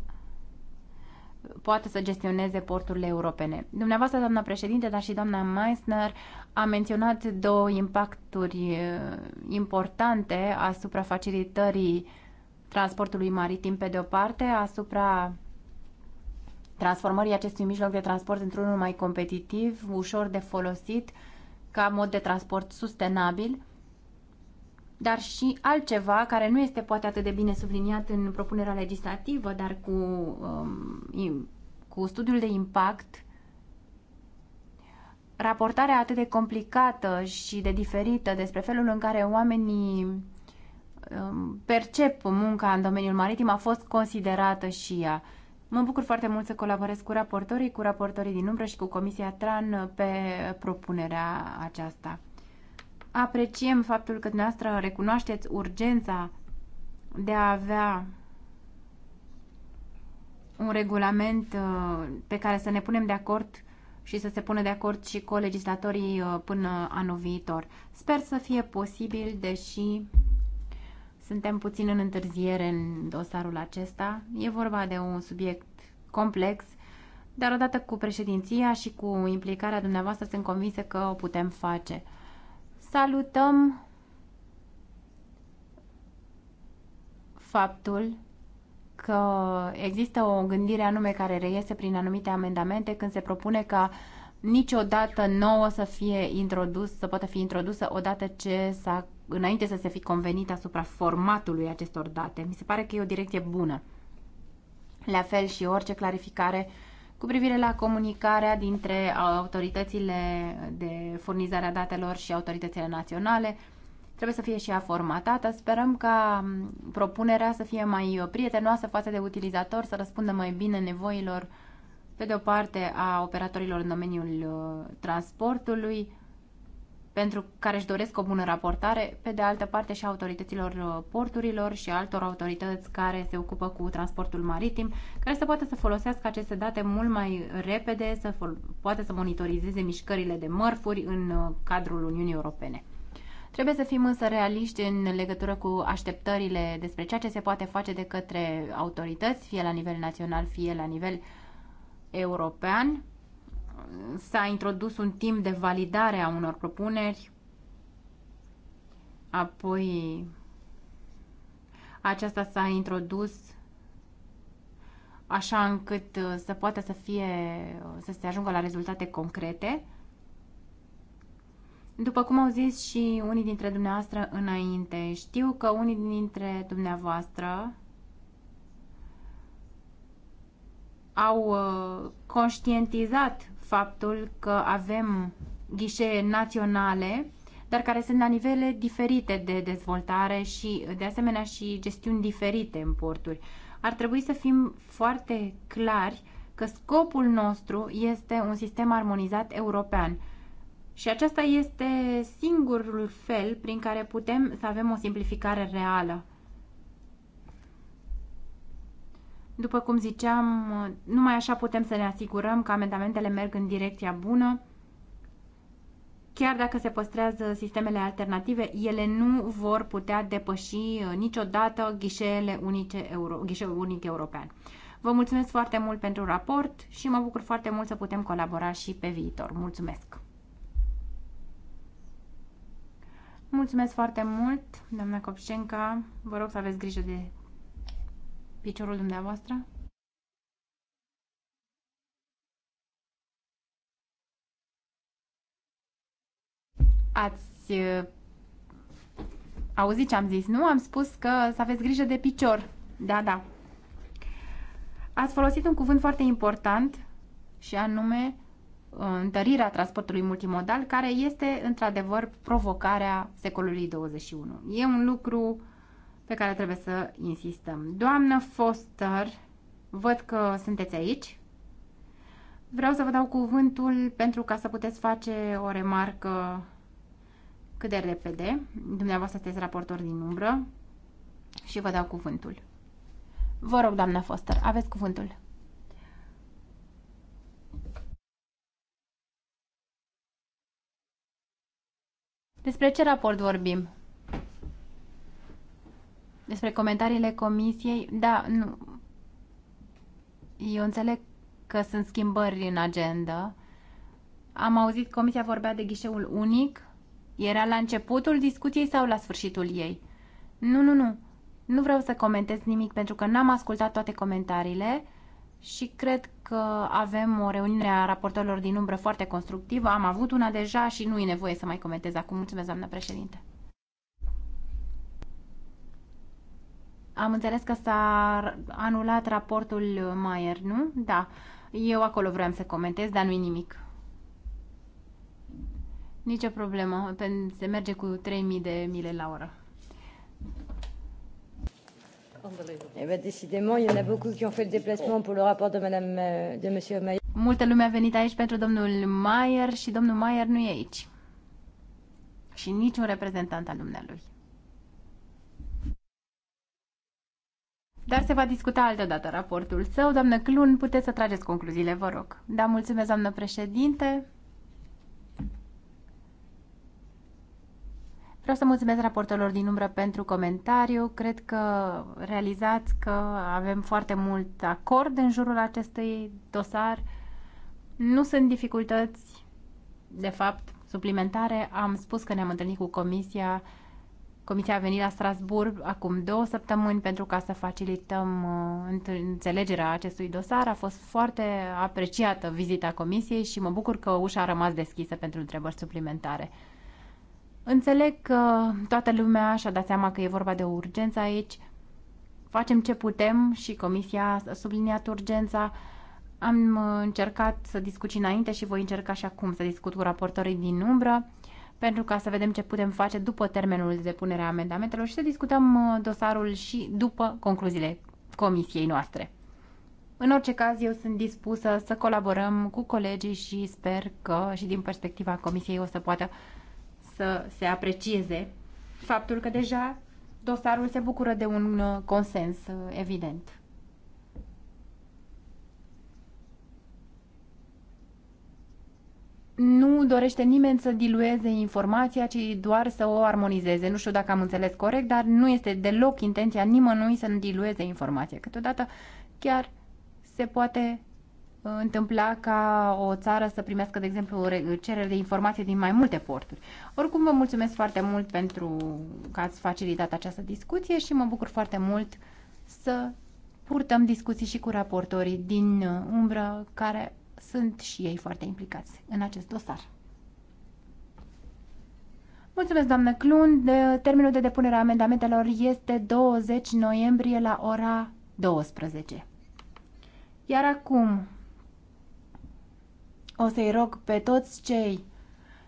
poată să gestioneze porturile europene. Dumneavoastră, doamna președinte, dar și doamna Meissner a menționat două impacturi uh, importante asupra facilitării transportului maritim pe de o parte, asupra transformării acestui mijloc de transport într-unul mai competitiv, ușor de folosit, ca mod de transport sustenabil dar și altceva care nu este poate atât de bine subliniat în propunerea legislativă, dar cu, um, cu studiul de impact, raportarea atât de complicată și de diferită despre felul în care oamenii um, percep munca în domeniul maritim a fost considerată și ea. Mă bucur foarte mult să colaborez cu raportorii, cu raportorii din umbră și cu Comisia TRAN pe propunerea aceasta. Apreciem faptul că dumneavoastră recunoașteți urgența de a avea un regulament uh, pe care să ne punem de acord și să se pună de acord și co-legislatorii uh, până anul viitor. Sper să fie posibil, deși suntem puțin în întârziere în dosarul acesta. E vorba de un subiect complex, dar odată cu președinția și cu implicarea dumneavoastră sunt convinsă că o putem face. Salutăm faptul că există o gândire anume care reiese prin anumite amendamente când se propune ca niciodată nouă să fie introdus, să poată fi introdusă odată ce s-a, înainte să se fi convenit asupra formatului acestor date. Mi se pare că e o direcție bună. La fel și orice clarificare uh, cu privire la comunicarea dintre autoritățile de furnizare a datelor și autoritățile naționale. Trebuie să fie și ea formatată. Sperăm ca propunerea să fie mai prietenoasă față de utilizator, să răspundă mai bine nevoilor, pe de o parte, a operatorilor în domeniul uh, transportului, pentru care își doresc o bună raportare, pe de altă parte și autorităților uh, porturilor și altor autorități care se ocupă cu transportul maritim, care să poată să folosească aceste date mult mai repede, să poată să monitorizeze mișcările de mărfuri în uh, cadrul Uniunii Europene. Trebuie să fim însă realiști în legătură cu așteptările despre ceea ce se poate face de către autorități, fie la nivel național, fie la nivel european, s-a introdus un timp de validare a unor propuneri, apoi aceasta s-a introdus așa încât uh, să poată să fie, uh, să se ajungă la rezultate concrete. După cum au zis și unii dintre dumneavoastră înainte, știu că unii dintre dumneavoastră au uh, conștientizat faptul că avem ghișee naționale, dar care sunt la nivele diferite de dezvoltare și, de asemenea, și gestiuni diferite în porturi. Ar trebui să fim foarte clari că scopul nostru este un sistem armonizat european. Și acesta este singurul fel prin care putem să avem o simplificare reală. După cum ziceam, numai așa putem să ne asigurăm că amendamentele merg în direcția bună. Chiar dacă se păstrează sistemele alternative, ele nu vor putea depăși uh, niciodată ghișeele unice euro, ghișeul unic european. Vă mulțumesc foarte mult pentru raport și mă bucur foarte mult să putem colabora și pe viitor. Mulțumesc! Mulțumesc foarte mult, doamna Copșenca. Vă rog să aveți grijă de piciorul dumneavoastră? Ați uh, auzit ce am zis, nu? Am spus că să aveți grijă de picior. Da, da. Ați folosit un cuvânt foarte important și anume uh, întărirea transportului multimodal, care este într-adevăr provocarea secolului 21. E un lucru pe care trebuie să insistăm. Doamnă Foster, văd că sunteți aici. Vreau să vă dau cuvântul pentru ca să puteți face o remarcă cât de repede. Dumneavoastră sunteți raportor din umbră și vă dau cuvântul. Vă rog, doamnă Foster, aveți cuvântul. Despre ce raport vorbim? despre comentariile comisiei, da, nu. Eu înțeleg că sunt schimbări în agenda. Am auzit comisia vorbea de ghișeul unic. Era la începutul discuției sau la sfârșitul ei? Nu, nu, nu. Nu vreau să comentez nimic pentru că n-am ascultat toate comentariile și cred că avem o reuniune a raportorilor din umbră foarte constructivă. Am avut una deja și nu e nevoie să mai comentez acum. Mulțumesc, doamnă președinte. Am înțeles că s-a anulat raportul Maier, nu? Da. Eu acolo vreau să comentez, dar nu-i nimic. Nicio problemă. Se merge cu 3000 de mile la oră. Eh bien, décidément, il y en a beaucoup qui ont fait le déplacement pour le rapport de madame, euh, de monsieur Mayer. Multă lume a venit aici pentru domnul Mayer și domnul Mayer nu e aici. Și niciun reprezentant al dumnealui. Dar se va discuta altă dată raportul său. Doamnă Clun, puteți să trageți concluziile, vă rog. Da, mulțumesc, doamnă președinte. Vreau să mulțumesc raportorilor din umbră pentru comentariu. Cred că realizați că avem foarte mult acord în jurul acestui dosar. Nu sunt dificultăți, de fapt, suplimentare. Am spus că ne-am întâlnit cu comisia Comisia a venit la Strasburg acum două săptămâni pentru ca să facilităm uh, înțelegerea acestui dosar. A fost foarte apreciată vizita Comisiei și mă bucur că ușa a rămas deschisă pentru întrebări suplimentare. Înțeleg că toată lumea și-a dat seama că e vorba de o urgență aici. Facem ce putem și Comisia a subliniat urgența. Am uh, încercat să discut și înainte și voi încerca și acum să discut cu raportorii din umbră pentru ca să vedem ce putem face după termenul de depunere a amendamentelor și să discutăm uh, dosarul și după concluziile comisiei noastre. În orice caz, eu sunt dispusă să colaborăm cu colegii și sper că și din perspectiva comisiei o să poată să se aprecieze faptul că deja dosarul se bucură de un uh, consens uh, evident. nu dorește nimeni să dilueze informația, ci doar să o armonizeze. Nu știu dacă am înțeles corect, dar nu este deloc intenția nimănui să dilueze informația. Câteodată chiar se poate uh, întâmpla ca o țară să primească, de exemplu, cerere de informație din mai multe porturi. Oricum, vă mulțumesc foarte mult pentru că ați facilitat această discuție și mă bucur foarte mult să purtăm discuții și cu raportorii din uh, umbră care sunt și ei foarte implicați în acest dosar. Mulțumesc, doamnă Clun. De, termenul de depunere a amendamentelor este 20 noiembrie la ora 12. Iar acum o să-i rog pe toți cei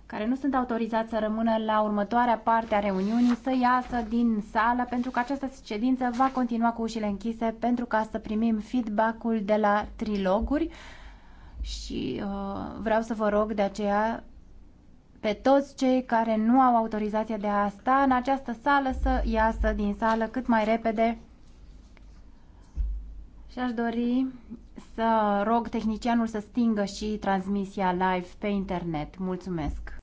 care nu sunt autorizați să rămână la următoarea parte a reuniunii să iasă din sală pentru că această ședință va continua cu ușile închise pentru ca să primim feedback-ul de la triloguri și uh, vreau să vă rog de aceea pe toți cei care nu au autorizația de a sta în această sală să iasă din sală cât mai repede. Și aș dori să rog tehnicianul să stingă și transmisia live pe internet. Mulțumesc!